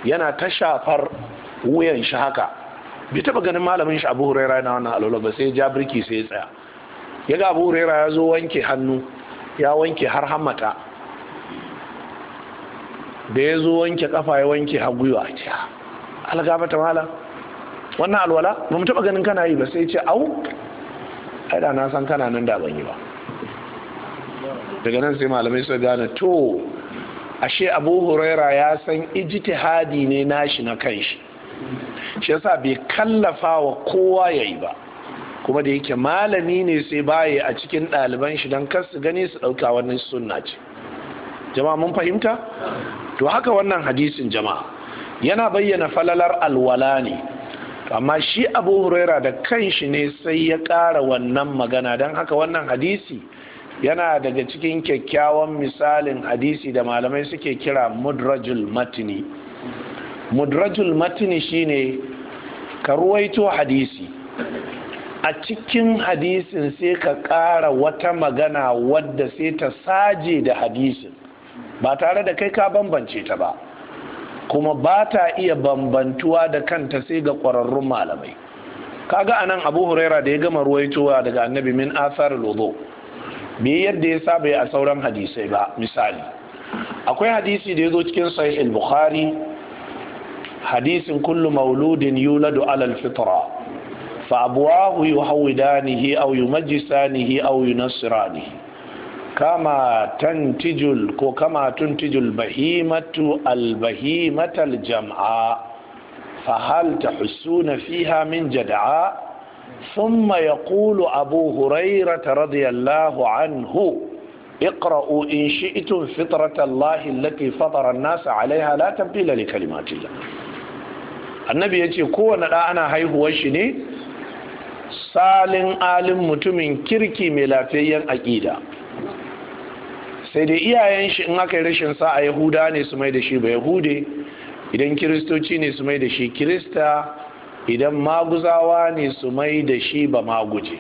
yana ta shafar wuyan shi haka bai taba ganin malamin shi abu huraira na wannan alwala ba sai ya birki sai ya tsaya ya ga abu huraira ya zo wanke hannu ya wanke har hammata da ya zo wanke kafa ya wanke har gwiwa ah, algaba ta mala wannan alwala ba mu taba ganin kana yi ba sai ce au ai da na san kana nan da ban yi ba daga nan sai malamai su gane to ashe abu huraira ya san ijtihadi ne nashi na kanshi shi yasa bai kallafa wa kowa ya yi ba kuma da yake malami ne sai baye a cikin ɗaliban shi don kar su gani su ɗauka wannan sunna ce jama'a mun fahimta to haka wannan hadisin jama'a yana bayyana falalar alwala ne amma shi abu huraira da kanshi ne sai ya ƙara wannan magana don haka wannan hadisi yana daga cikin kyakkyawan misalin hadisi da malamai suke kira mudrajul matini mudrajul matini shine ka ruwaito hadisi a cikin hadisin sai ka ƙara wata magana wadda sai ta saje da hadisin ba tare da kai ka bambance ta ba kuma ba ta iya bambantuwa da kanta sai ga ƙwararrun malamai kaga anan abu huraira da ya gama ruwaitowa daga annabi min asar lodo bai yadda ya saba a sauran hadisai ba misali akwai hadisi da ya zo cikin sahih bukhari حديث كل مولود يولد على الفطرة فأبواه يحودانه أو يمجسانه أو ينصرانه كما تنتج كما تنتج البهيمة البهيمة الجمعاء فهل تحسون فيها من جدعاء ثم يقول أبو هريرة رضي الله عنه اقرأوا إن شئتم فطرة الله التي فطر الناس عليها لا تبديل لكلمات الله annabi ya ce kowane ɗa ana haihuwar shi ne salin alin mutumin kirki mai lafiyayyen aƙida sai dai iyayen shi in aka yi rashin sa a yahuda ne su mai da shi ba yahude idan kiristoci ne su mai da shi kirista idan maguzawa ne su mai da shi ba maguje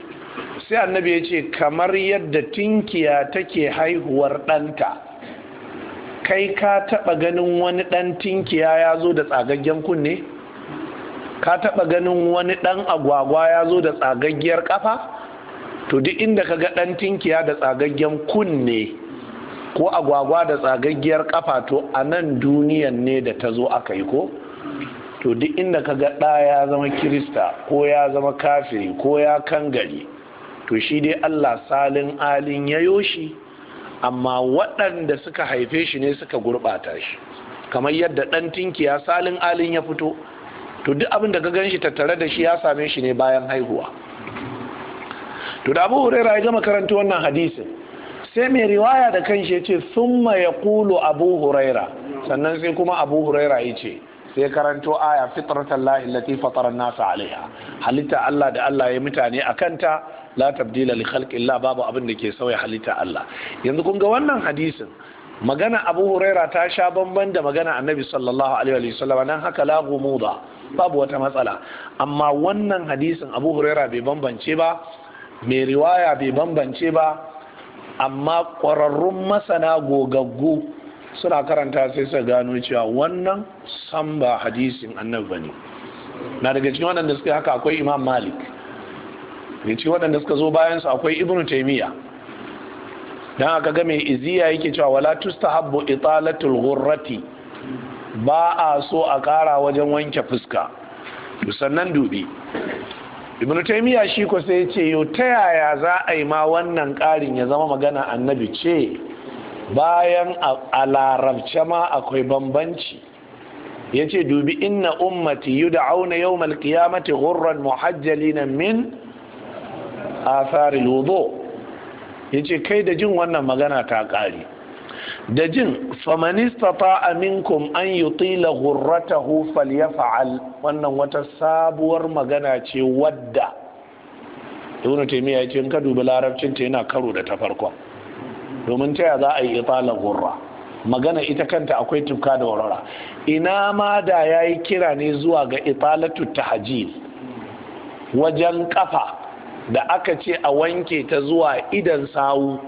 sai annabi ya ce kamar yadda tinkiya take haihuwar ɗanta kai ka taɓa ganin wani ɗan tinkiya ya zo da tsagaggen kunne? ka taɓa ganin wani ɗan agwagwa ya zo da tsagaggiyar ƙafa? to duk inda ka ga ɗan tinkiya da tsagaggen kunne ko agwagwa da tsagaggiyar ƙafa to a nan duniyan ne da ta zo aka yi ko to duk inda ka ga ɗa ya zama kirista ko ya zama kafiri ko ya gari to shi dai allah salin alin ya yoshi amma waɗanda suka haife shi ne suka gurɓata shi kamar yadda ɗan tinkiya salin alin ya fito to duk abin da ka gan shi tattare da shi ya same shi ne bayan haihuwa to da abu huraira ya gama karanta wannan hadisin sai mai riwaya da kanshi ya ce summa ya kulu abu huraira sannan sai kuma abu huraira ya ce sai karanto aya fitratan lahi allati fatara nasa alaiha halitta Allah da Allah ya mutane a kanta la tabdila li illa babu abin da ke sauya halitta Allah yanzu kun ga wannan hadisin magana abu huraira ta sha bamban da magana annabi sallallahu alaihi wa sallam nan haka la gumuda babu wata matsala amma wannan hadisin abu huraira bai bambance ba mai riwaya bai bambance ba amma ƙwararrun masana gogaggu suna karanta sai su gano cewa wannan san ba hadisin annabi ba ne na daga cikin waɗanda suka haka akwai imam malik daga cikin waɗanda suka zo bayansu akwai Ibn taimiyya don haka ga mai iziya yake cewa wala tustahabbu italatul gurrati ba a so a ƙara wajen wanke fuska sannan dubi ibn taymiya shi ko sai ce yo ta yaya za a yi ma wannan ƙarin ya zama magana annabi ce bayan a larabce ma akwai bambanci ya ce dubi inna ummati yud'auna yawmal qiyamati ghurran muhajjalina min atharil wudu yace kai da jin wannan magana ta ƙare da jin famanistata aminkum an Hufal ya fa'al wannan wata sabuwar magana ce wadda ibnu taymiya ya in ka dubi larabcin ta yana karo da ta farko. domin ta za a yi itala gurra magana ita kanta akwai tuka da warara ina ma da yayi kira ne zuwa ga italatu tahjil wajen kafa da aka ce a wanke ta zuwa idan sawu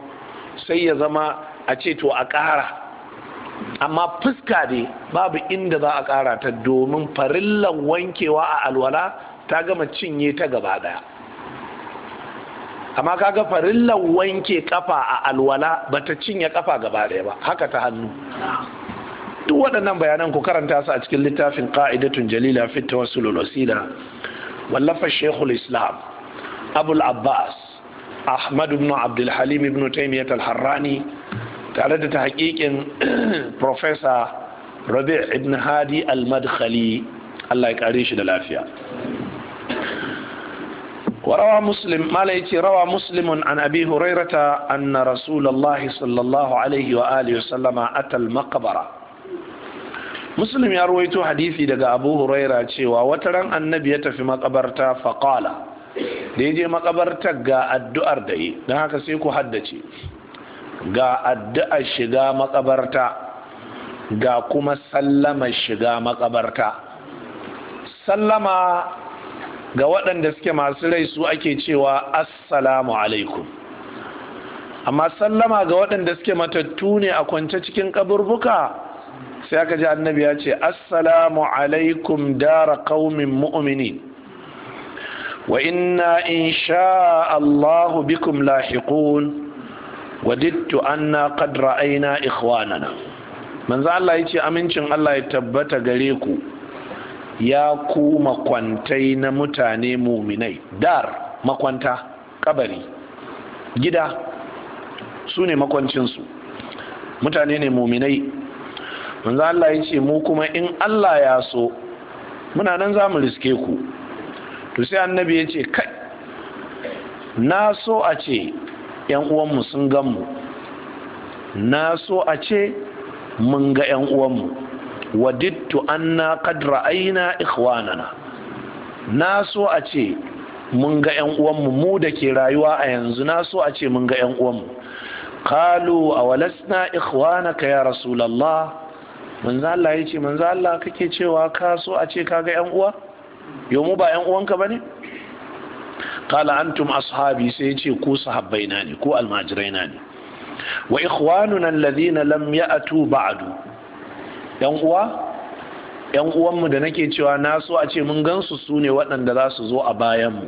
sai ya zama a ce to a ƙara amma fuska dai babu inda za a ƙara ta domin farillan wankewa a alwala ta gama cinye ta gaba ɗaya amma kaga farillan wanke kafa a alwala bata cinye kafa gaba ɗaya ba haka ta hannu duk waɗannan bayanan ku karanta su a cikin littafin ƙa'idatun jalila fi tawassul wasila wallafa shekul islam abul abbas ahmad ibn abdul halim ibn taymiyyah al-harrani tare da ta haƙiƙin Profesa Rabi Ibn Hadi al-Madkhali Allah ya ƙare shi da lafiya. Wa rawa muslim, mala yake rawa muslimun an abi hurairata an na Rasulallah sallallahu Alaihi wa Alihi wa Sallama a talmakabara. Muslim ya ruwaito hadithi daga abu huraira cewa wata ran annabi ya tafi maƙabarta faƙala, da ya je makabarta ga addu’ar da yi, don haka sai ku haddace. ga addu'ar shiga makabarta ga kuma sallama shiga makabarta sallama ga waɗanda suke masu rai su ake cewa assalamu alaikum amma sallama ga waɗanda suke matattu ne a kwance cikin kaburbuka sai aka ji annabi ya ce assalamu alaikum dara qaumin mu'minin wa inna insha'Allahu Allahu bikum lahiqun wadittu anna qad ra'ayna ikhwanana manzo Allah yace amincin Allah ya tabbata gare ku ya ku makwantai na mutane muminai dar makwanta kabari gida su ne makwancinsu mutane ne muminai manzo Allah yace mu kuma in Allah ya so muna nan za mu riske ku to sai annabi yace kai na so a ce 'yan uwanmu sun mu na so a ce mun ga 'yan uwanmu wadittu anna qad ra'ayna ikhwanana na so a ce mun ga 'yan uwanmu mu da ke rayuwa a yanzu na so a ce mun ga 'yan uwanmu kalu a ikhwanaka ya rasulallah manzo Allah ya ce manzo Allah kake cewa ka so a ce ka ga 'yan uwa yo mu ba 'yan uwanka bane qala antum ashabi sai ya ce ku na ne ku almajiraina ne wa ikhwanuna alladhina lam ya'tu ba'du yan uwa yan uwanmu da nake cewa na so a ce mun gansu su ne waɗanda za su zo a bayanmu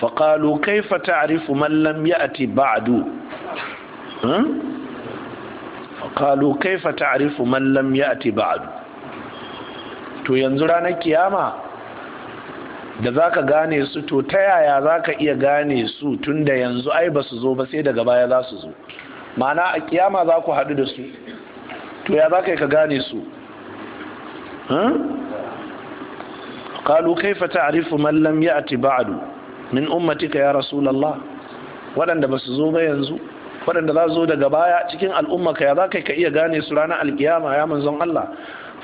faƙalu kaifa ta'rifu man lam ya'ti ba'du hmm? faƙalu ta'rifu man lam ya'ti ba'du to yanzu ranar kiyama da za ka gane su to ta yaya za ka iya gane su tun da yanzu ai ba su zo ba sai daga baya za su zo mana a kiyama za ku haɗu da su to ya za ka yi ka gane su a كيف mallam ya ati ba'adu بعد من أمتك ya rasu الله waɗanda ba su zo ba yanzu waɗanda za zo daga baya cikin al'umma ka ya za ka iya gane su ranar alkiyama ya manzon Allah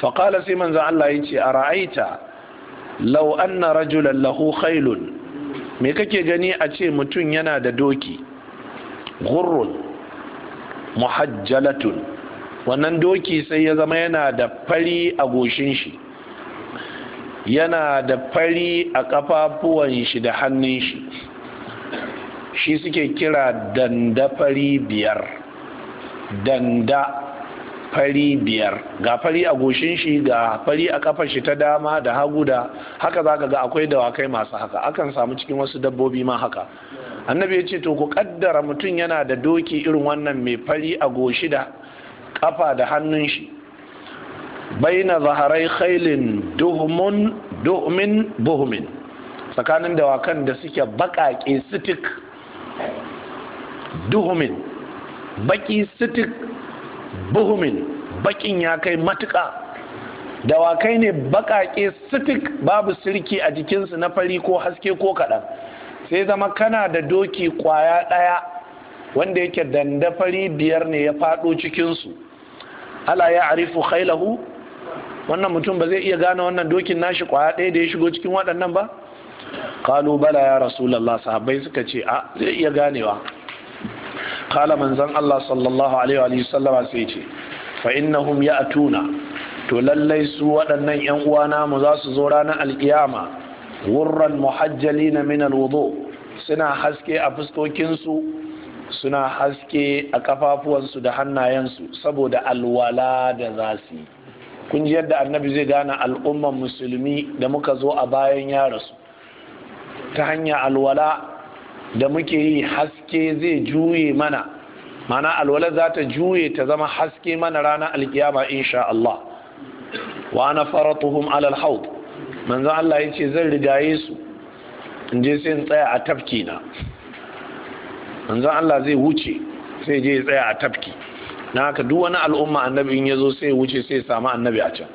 faƙala sai manzon Allah ya ce a ra'aita lau anna rajulan lahu khailun me kake gani a ce mutum yana da doki gurrun muhajjalatun wannan doki sai ya zama yana da fari a goshin shi yana da fari a kafafuwan shi da hannun shi shi suke kira danda fari biyar danda fari biyar ga fari a goshin shi ga fari a kafar shi ta dama da hagu da haka zaka ga akwai dawakai masu haka akan samu cikin wasu dabbobi ma haka annabi ya ce to ku kaddara mutum yana da doki irin wannan mai fari a goshi da kafa da hannun shi baina zaharai khailin duhmun duhmin tsakanin dawakan da suke bakake sitik duhmin baki sitik buhumin bakin ya kai matuka dawakai ne bakake sifik babu sirki a jikinsu na fari ko haske ko kaɗan sai zama kana da doki kwaya ɗaya wanda yake fari biyar ne ya faɗo cikinsu ala ya arifu khailahu wannan mutum ba zai iya gane wannan dokin nashi kwaya ɗaya da ya shigo cikin waɗannan ba kalu bala ya rasulallah sahabbai suka ce a zai iya ganewa kala manzon Allah sallallahu alaihi wa sallama sai ce fa innahum ya'tuna to lallai su waɗannan yan uwana mu za su zo ranar alkiyama wurran muhajjalina min alwudu suna haske a fuskokinsu suna haske a ƙafafuwansu da hannayensu saboda alwala da za su kun ji yadda annabi zai gane al'umman musulmi da muka zo a bayan ya rasu ta hanya alwala da muke yi haske zai juye mana mana alwala za ta juye ta zama haske mana ranar alkiyama insha Allah wa na faratuhum alal haud manzon Allah ya ce zan rigaye su in je sai in tsaya a tafki na manzon Allah zai wuce sai je tsaya a tafki na haka duk wani al'umma annabi in ya zo sai wuce sai samu annabi a can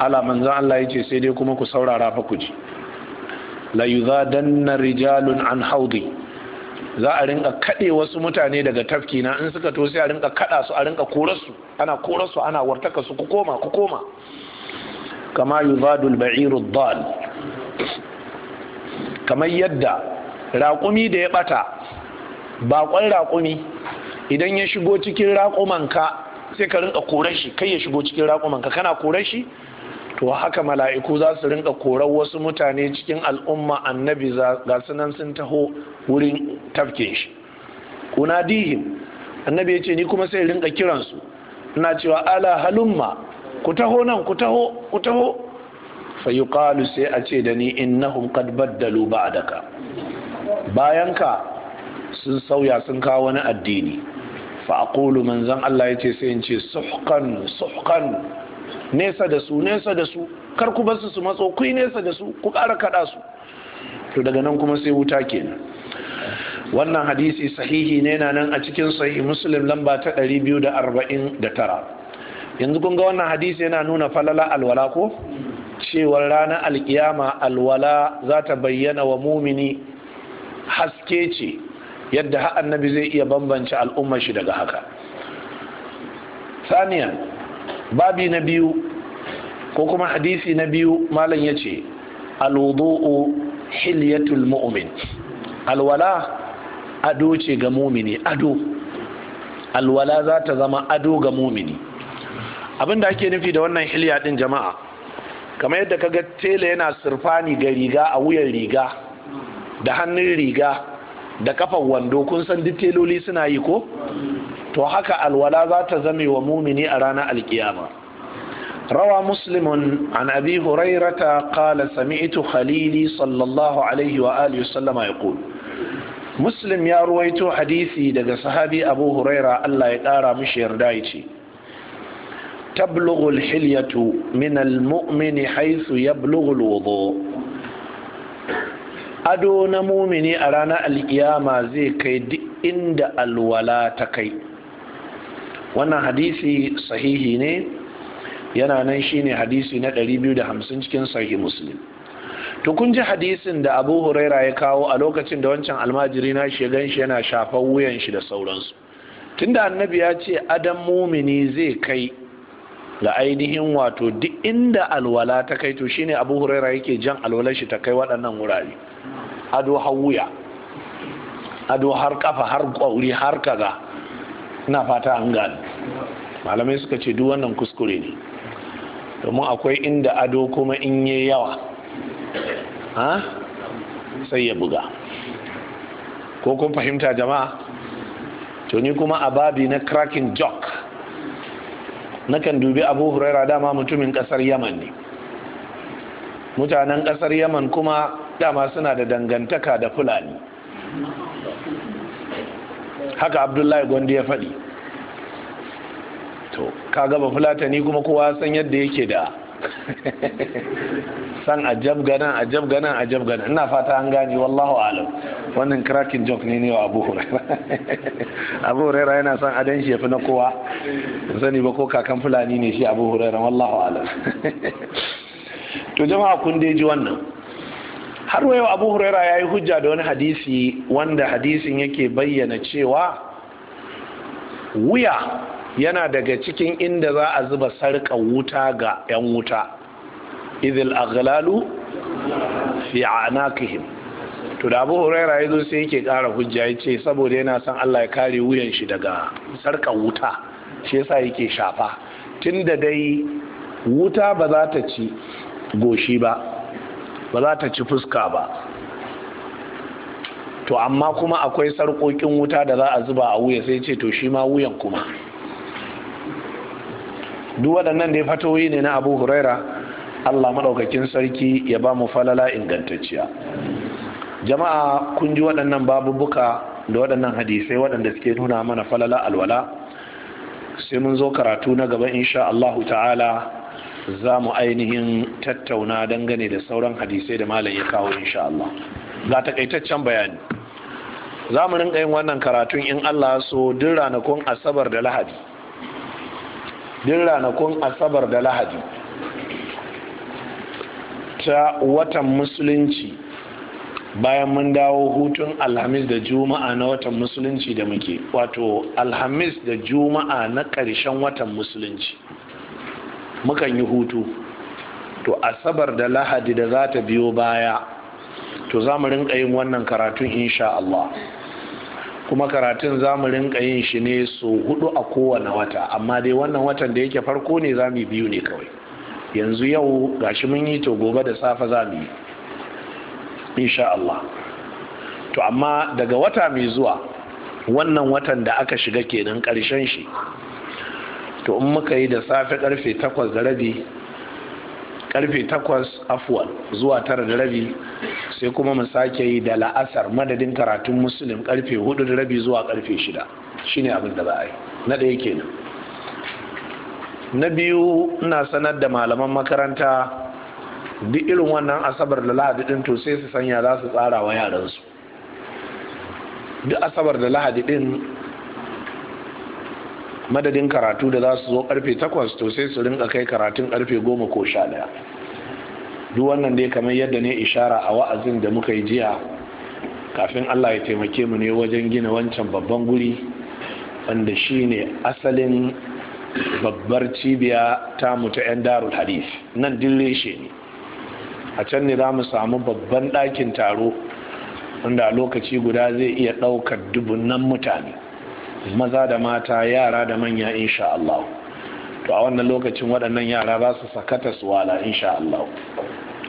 ala manzon Allah ya ce sai dai kuma ku saurara fa ku ji la yuzadanna rijalun an haudi za a rinka kaɗe wasu mutane daga tafki na in suka to sai a rinka kaɗa su a rinka korarsu ana korarsu ana wartaka su ku koma ku koma kama yuzadul ba'iru dal kamar yadda raƙumi da ya ɓata baƙon raƙumi idan ya shigo cikin raƙumanka sai ka rinka korar shi kai ya shigo cikin raƙumanka kana korar shi to haka mala'iku za su rinka korar wasu mutane cikin al'umma annabi ga sunan sun taho wurin tafkin shi kuna dihim annabi ya ce ni kuma sai rinka kiransu ina cewa ala halumma ku taho nan ku taho ku taho fa kalu sai a ce da ni in innahum qad baddalu ba'daka bayanka sun sauya sun kawo wani addini fa a aqulu manzon Allah yace sai in ce suhqan suhqan nesa da su nesa da su kar ku basu su matso ku nesa da su ku ƙara kaɗa su to daga nan kuma sai wuta kenan wannan hadisi sahihi ne na nan a cikin sahih muslim lamba ta 249 yanzu kun ga wannan hadisi yana nuna falala alwala ko cewar ranar alkiyama alwala za ta bayyana wa mumini haske ce yadda annabi zai iya bambance al'ummar shi daga haka saniyan babi na biyu ko kuma hadisi na biyu malam ya ce alwudu'u hilyatul mu'min alwala ado ce ga mumini ado alwala za ta zama ado ga mumini abin da ake nufi da wannan hilya din jama'a kamar yadda kaga tela yana sirfani ga riga a wuyan riga da hannun riga da kafan wando kun san duk teloli suna yi ko to haka alwala za ta zame wa mumini a ranar alkiyama rawa muslimun an abi hurairata qala sami'tu khalili sallallahu alaihi wa alihi sallama yaqul muslim ya ruwaito hadisi daga sahabi abu huraira Allah ya ƙara mishi yarda yace hilyatu الحلية min almumini haythu yablughul wudu. ado na mumini a ranar alkiyama zai kai duk inda alwala ta kai wannan hadisi sahihi ne yana nan shine hadisi na 250 cikin sahih muslim to kun ji hadisin da abu huraira ya kawo a lokacin da wancan almajiri na shi gan shi yana shafan wuyan shi da sauransu tunda annabi ya ce adam mumini zai kai ga ainihin wato duk inda alwala ta kai to shine abu huraira yake jan alwalar shi ta kai waɗannan wurare ado har wuya ado har kafa har kwauri har kaza ina fata an gane malamai suka ce duk wannan kuskure ne domin akwai inda ado kuma in yi yawa ha sai ya buga ko kun fahimta jama'a to ni kuma a babi na cracking joke kan dubi abu huraira dama mutumin kasar yaman ne mutanen kasar yaman kuma dama suna da dangantaka da fulani haka abdullahi gondi ya faɗi to ka gaba fulatani kuma kowa san yadda yake da san ajab ganan ajab ganan ajab ganan ina fata an gane wallahu alam wannan cracking joke ne ne wa abu huraira abu huraira yana san adan shi yafi na kowa sani ba ko kakan fulani ne shi abu huraira wallahu alam to jama'a kun dai ji wannan har yau abu huraira ya yi hujja da wani hadisi wanda hadisin yake bayyana cewa wuya yana daga cikin inda za a zuba sarƙa wuta ga 'yan wuta idil aghlalu fi anakihim to da abu huraira ya zo sai yake ƙara hujja ya ce saboda yana son allah ya kare wuyan shi daga sarka wuta shi yasa yake shafa tun da dai wuta ba za ta ci goshi ba ba za ta ci fuska ba to amma kuma akwai sarƙoƙin wuta da za a zuba a wuya sai ce to shi ma wuyan kuma duk waɗannan da ya fatoyi ne na abu huraira allah maɗaukakin sarki ya ba mu falala ingantacciya jama'a kun ji waɗannan babubuka da waɗannan hadisai waɗanda suke nuna mana falala alwala sai mun zo karatu na gaba insha allahu ta'ala za mu ainihin tattauna dangane da sauran hadisai da malam ya kawo insha Allah ga takaitaccen bayani za mu rinka yin wannan karatun in Allah so duk ranakun asabar da lahadi duk ranakun asabar da lahadi ta watan musulunci bayan mun dawo hutun alhamis da juma'a na watan musulunci da muke wato alhamis da juma'a na ƙarshen watan musulunci mukan yi hutu to asabar da lahadi da za ta biyo baya to za mu rinka yin wannan karatun insha Allah kuma karatun za mu rinka yin shi ne so hudu a kowane wata amma dai wannan watan da yake farko ne za mu biyu ne kawai yanzu yau gashi mun yi to gobe da safe za mu yi insha Allah to amma daga wata mai zuwa wannan watan da aka shiga kenan ƙarshen shi to in muka yi da safe karfe takwas da rabi karfe takwas afuwan zuwa tara da rabi sai kuma mu sake yi da la'asar madadin karatun musulun karfe hudu da rabi zuwa karfe shida shine abin da za a yi na ɗaya kenan na biyu ina sanar da malaman makaranta duk irin wannan asabar da lahadi din to sai su sanya za su tsara wa yaransu duk asabar da lahadi din madadin karatu da za su zo karfe 8 to sai su rinka kai karatun karfe 10 ko 11 duk wannan dai kamar yadda ne ishara a wa'azin da muka yi jiya kafin Allah ya taimake mu ne wajen gina wancan babban guri wanda shine asalin babbar cibiya ta mu 'yan darul hadith nan dille shi ne a can ne za mu samu babban ɗakin taro wanda lokaci guda zai iya ɗaukar dubunan mutane maza da mata yara da manya insha Allah to a wannan lokacin waɗannan yara za su sakata su wala insha Allah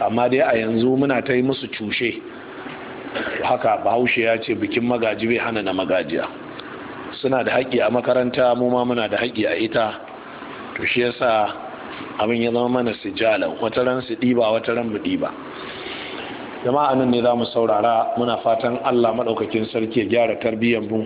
amma dai a yanzu muna ta yi musu cushe haka bahaushe ya ce bikin magaji bai hana na magajiya suna da haƙƙi a makaranta mu ma muna da haƙƙi a ita to shi yasa abin ya zama mana sijala wata ran su ɗiba wata ran mu ɗiba jama'a nan ne za mu saurara muna fatan allah maɗaukakin sarki ya gyara tarbiyyar mu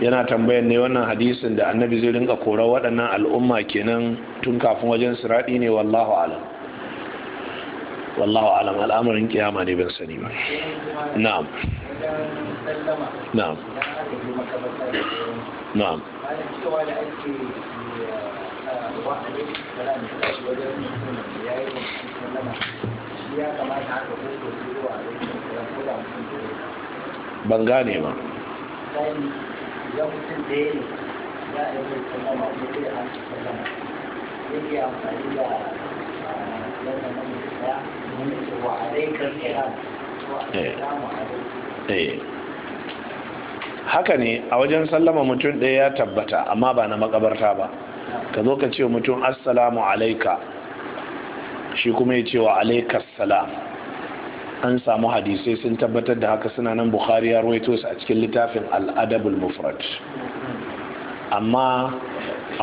yana tambayan ne wannan hadisin da annabi zai rinka korar waɗannan al'umma kenan tun kafin wajen siraɗi ne wallahu alam wallahu alam al'amarin kiyama ne ban sani ba na'am na'am na'am ban gane ba idan mutum da ya ne za a yi mai sallama ko zai an sallama zai iya amfani da ah, wannan nan mai ɗaya wanda ke wa alaikar iran ko assalamu eh. eh. haka ne a wajen sallama mutum ɗaya ya tabbata amma ba na makabarta ba ka zo ka ce mutum assalamu alaika shi kuma ya ce wa alaikar salam an samu hadisai sun tabbatar da haka suna nan bukhari ya ruwaito su a cikin littafin al'adabul mufrad amma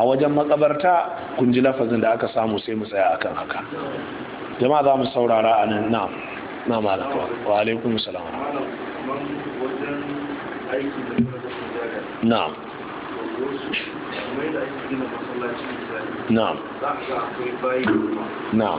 a wajen makabarta kun ji lafazin da aka samu sai mu tsaya akan haka jama'a za mu saurara a nan na na malaka wa alaikum salam Na, na, na. na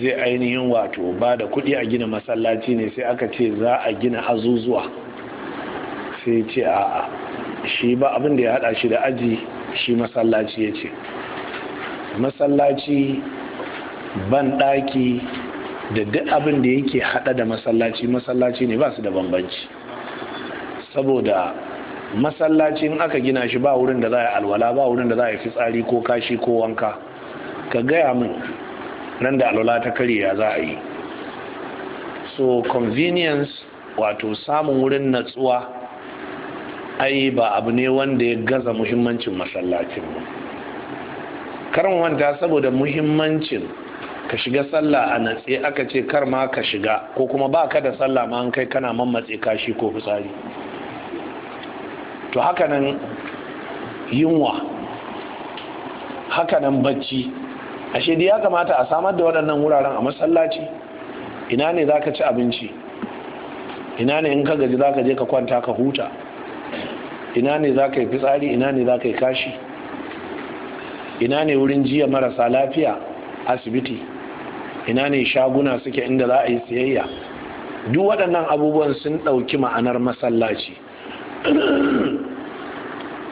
zai ainihin wato ba da kuɗi a gina masallaci ne sai aka ce za a gina azuzuwa sai ce a'a shi ba abin da ya haɗa shi da aji shi masallaci ya ce masallaci ban daki da duk abin da yake haɗa da masallaci masallaci ne ba su da bambanci saboda masallaci in aka gina shi ba wurin da za a alwala ba wurin da za a fitsari ko kashi ko wanka ka gaya min nan da alola ta karya za a yi so convenience wato samun wurin natsuwa ai ba abu ne wanda ya gaza muhimmancin masallacin mu karin wanta saboda muhimmancin ka shiga sallah a natse aka ce kar ma ka shiga ko kuma ba ka da sallah ma an kai kana mammatse kashi ko fitsari to hakanan yunwa hakanan bacci ashe ya kamata a samar da waɗannan wuraren a masallaci ina ne za ka ci abinci ina ne in ka gaji za ka je ka kwanta ka huta ina ne za ka yi fitsari ina ne za ka yi kashi ina ne wurin jiya marasa lafiya asibiti ina ne shaguna suke inda za a yi siyayya duk waɗannan abubuwan sun ɗauki ma'anar masallaci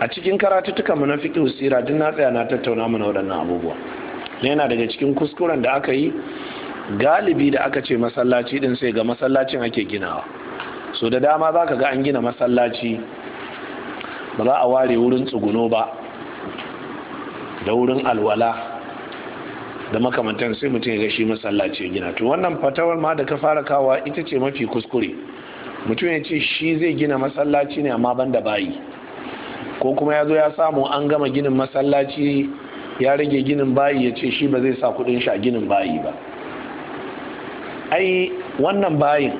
a cikin karatuttuka mu na fiƙi usira duk na tsaya na tattauna mana waɗannan abubuwa yana daga cikin kuskuren da aka yi galibi da aka ce masallaci din sai ga masallacin ake ginawa so da dama za ka ga an gina masallaci ba za a ware wurin tsuguno ba da wurin alwala da makamantan sai mutum ya ga shi masallaci gina to wannan fatawar ma da ka fara kawa ita ce mafi kuskure mutum ya ce shi zai gina masallaci ne amma ban da bayi ko kuma ya zo ya samu an gama ginin masallaci ya rage ginin bayi ya ce shi ba zai sa kudin sha ginin bayi ba ai wannan bayin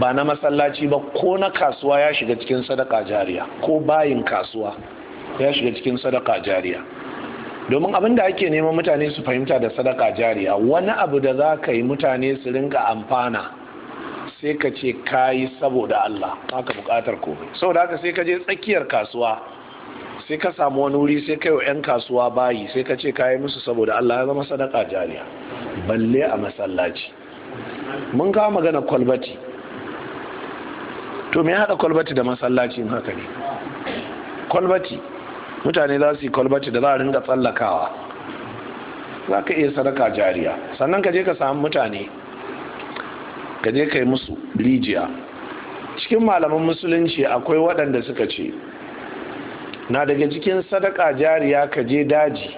ba na masallaci ba ko na kasuwa ya shiga cikin sadaka jariya ko bayin kasuwa ya shiga cikin sadaka jariya domin abin da ake neman mutane su fahimta da sadaka jariya wani abu da za ka yi mutane su rinka amfana sai ka ce ka yi saboda Allah ka bukatar komai saboda haka sai ka je tsakiyar kasuwa sai ka samu wani wuri sai kai wa 'yan kasuwa bayi sai ka ce kayi musu saboda Allah ya zama sadaka jariya balle a masallaci mun kawo magana kwalbati to me haɗa kwalbati da masallacin haka ne kwalbati mutane za su yi kwalbati da za a ringa tsallakawa za ka iya sadaka jariya sannan ka je ka samu mutane ka je ka yi musu rijiya cikin malaman musulunci akwai waɗanda suka ce na daga cikin sadaka jariya ka je daji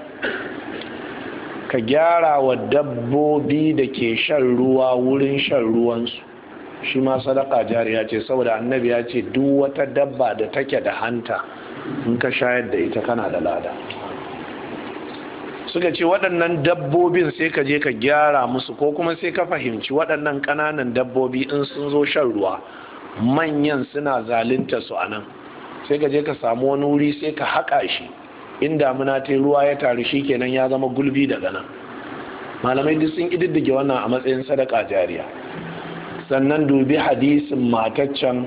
ka gyara wa dabbobi da ke shan ruwa wurin shan ruwansu shi ma sadaka jariya ce saboda annabi ya ce duk wata dabba da take da hanta in ka shayar da ita kana da lada suka ce waɗannan dabbobin sai ka je ka gyara musu ko kuma sai ka fahimci waɗannan ƙananan dabbobi in sun zo shan ruwa manyan suna zalunta su a nan sai ka je ka samu wani wuri sai ka haƙa shi in damuna ta ruwa ya taru shi kenan ya zama gulbi daga nan malamai duk sun ƙididdige wannan a matsayin sadaka jariya sannan dubi hadisin mataccen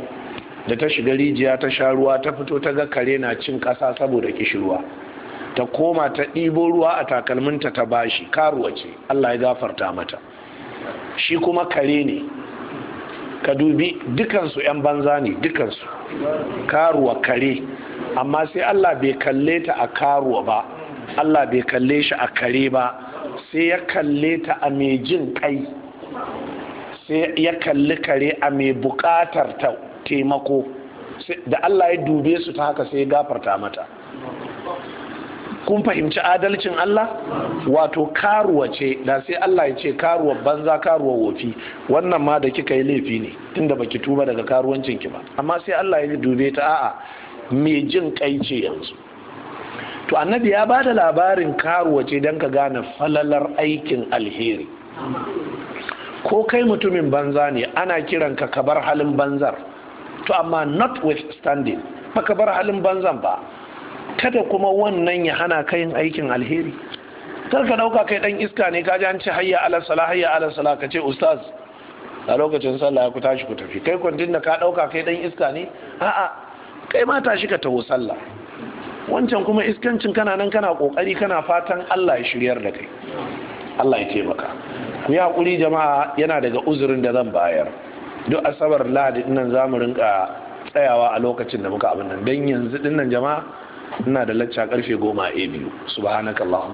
da ta shiga rijiya ta sha ruwa ta fito ta ga kare na cin ƙasa saboda kishirwa ta koma ta ɗibo ruwa a takalminta ta bashi karuwa ce Allah ya gafarta mata shi kuma kare ne ka dubi dukansu 'yan banza ne dukansu karuwa kare amma sai Allah bai kalle ta a karuwa ba Allah bai kalle shi a kare ba sai ya kalle ta a mai jin kai sai ya kalli kare a mai bukatar ta taimako da Allah ya dube su ta haka sai ya gafarta mata kun fahimci adalcin Allah wato karuwa ce da sai Allah ya ce karuwa banza karuwa wofi wannan ma da kika yi laifi ne tunda baki tuba daga karuwancin ki ba amma sai Allah ya dube ta a'a me jin kai ce yanzu to annabi ya bada labarin karuwa ce don ka gane falalar aikin alheri ko kai mutumin banza ne ana kiranka ka bar halin banzar to amma not withstanding baka bar halin banzan ba kada kuma wannan ya hana ka aikin alheri kar ka dauka kai dan iska ne ka ji an ce hayya ala sala hayya ala sala ka ce ustaz a lokacin sallah ku tashi ku tafi kai kwantin da ka dauka kai dan iska ne a'a kai ma tashi ka taho sallah wancan kuma iskancin kana nan kana kokari kana fatan Allah ya shiryar da kai Allah ya taimaka ku yi hakuri jama'a yana daga uzurin da zan bayar duk asabar ladi dinnan zamu rinka tsayawa a lokacin da muka abin nan dan yanzu dinnan jama'a ina da lacca karfe goma a biyu subhanakallah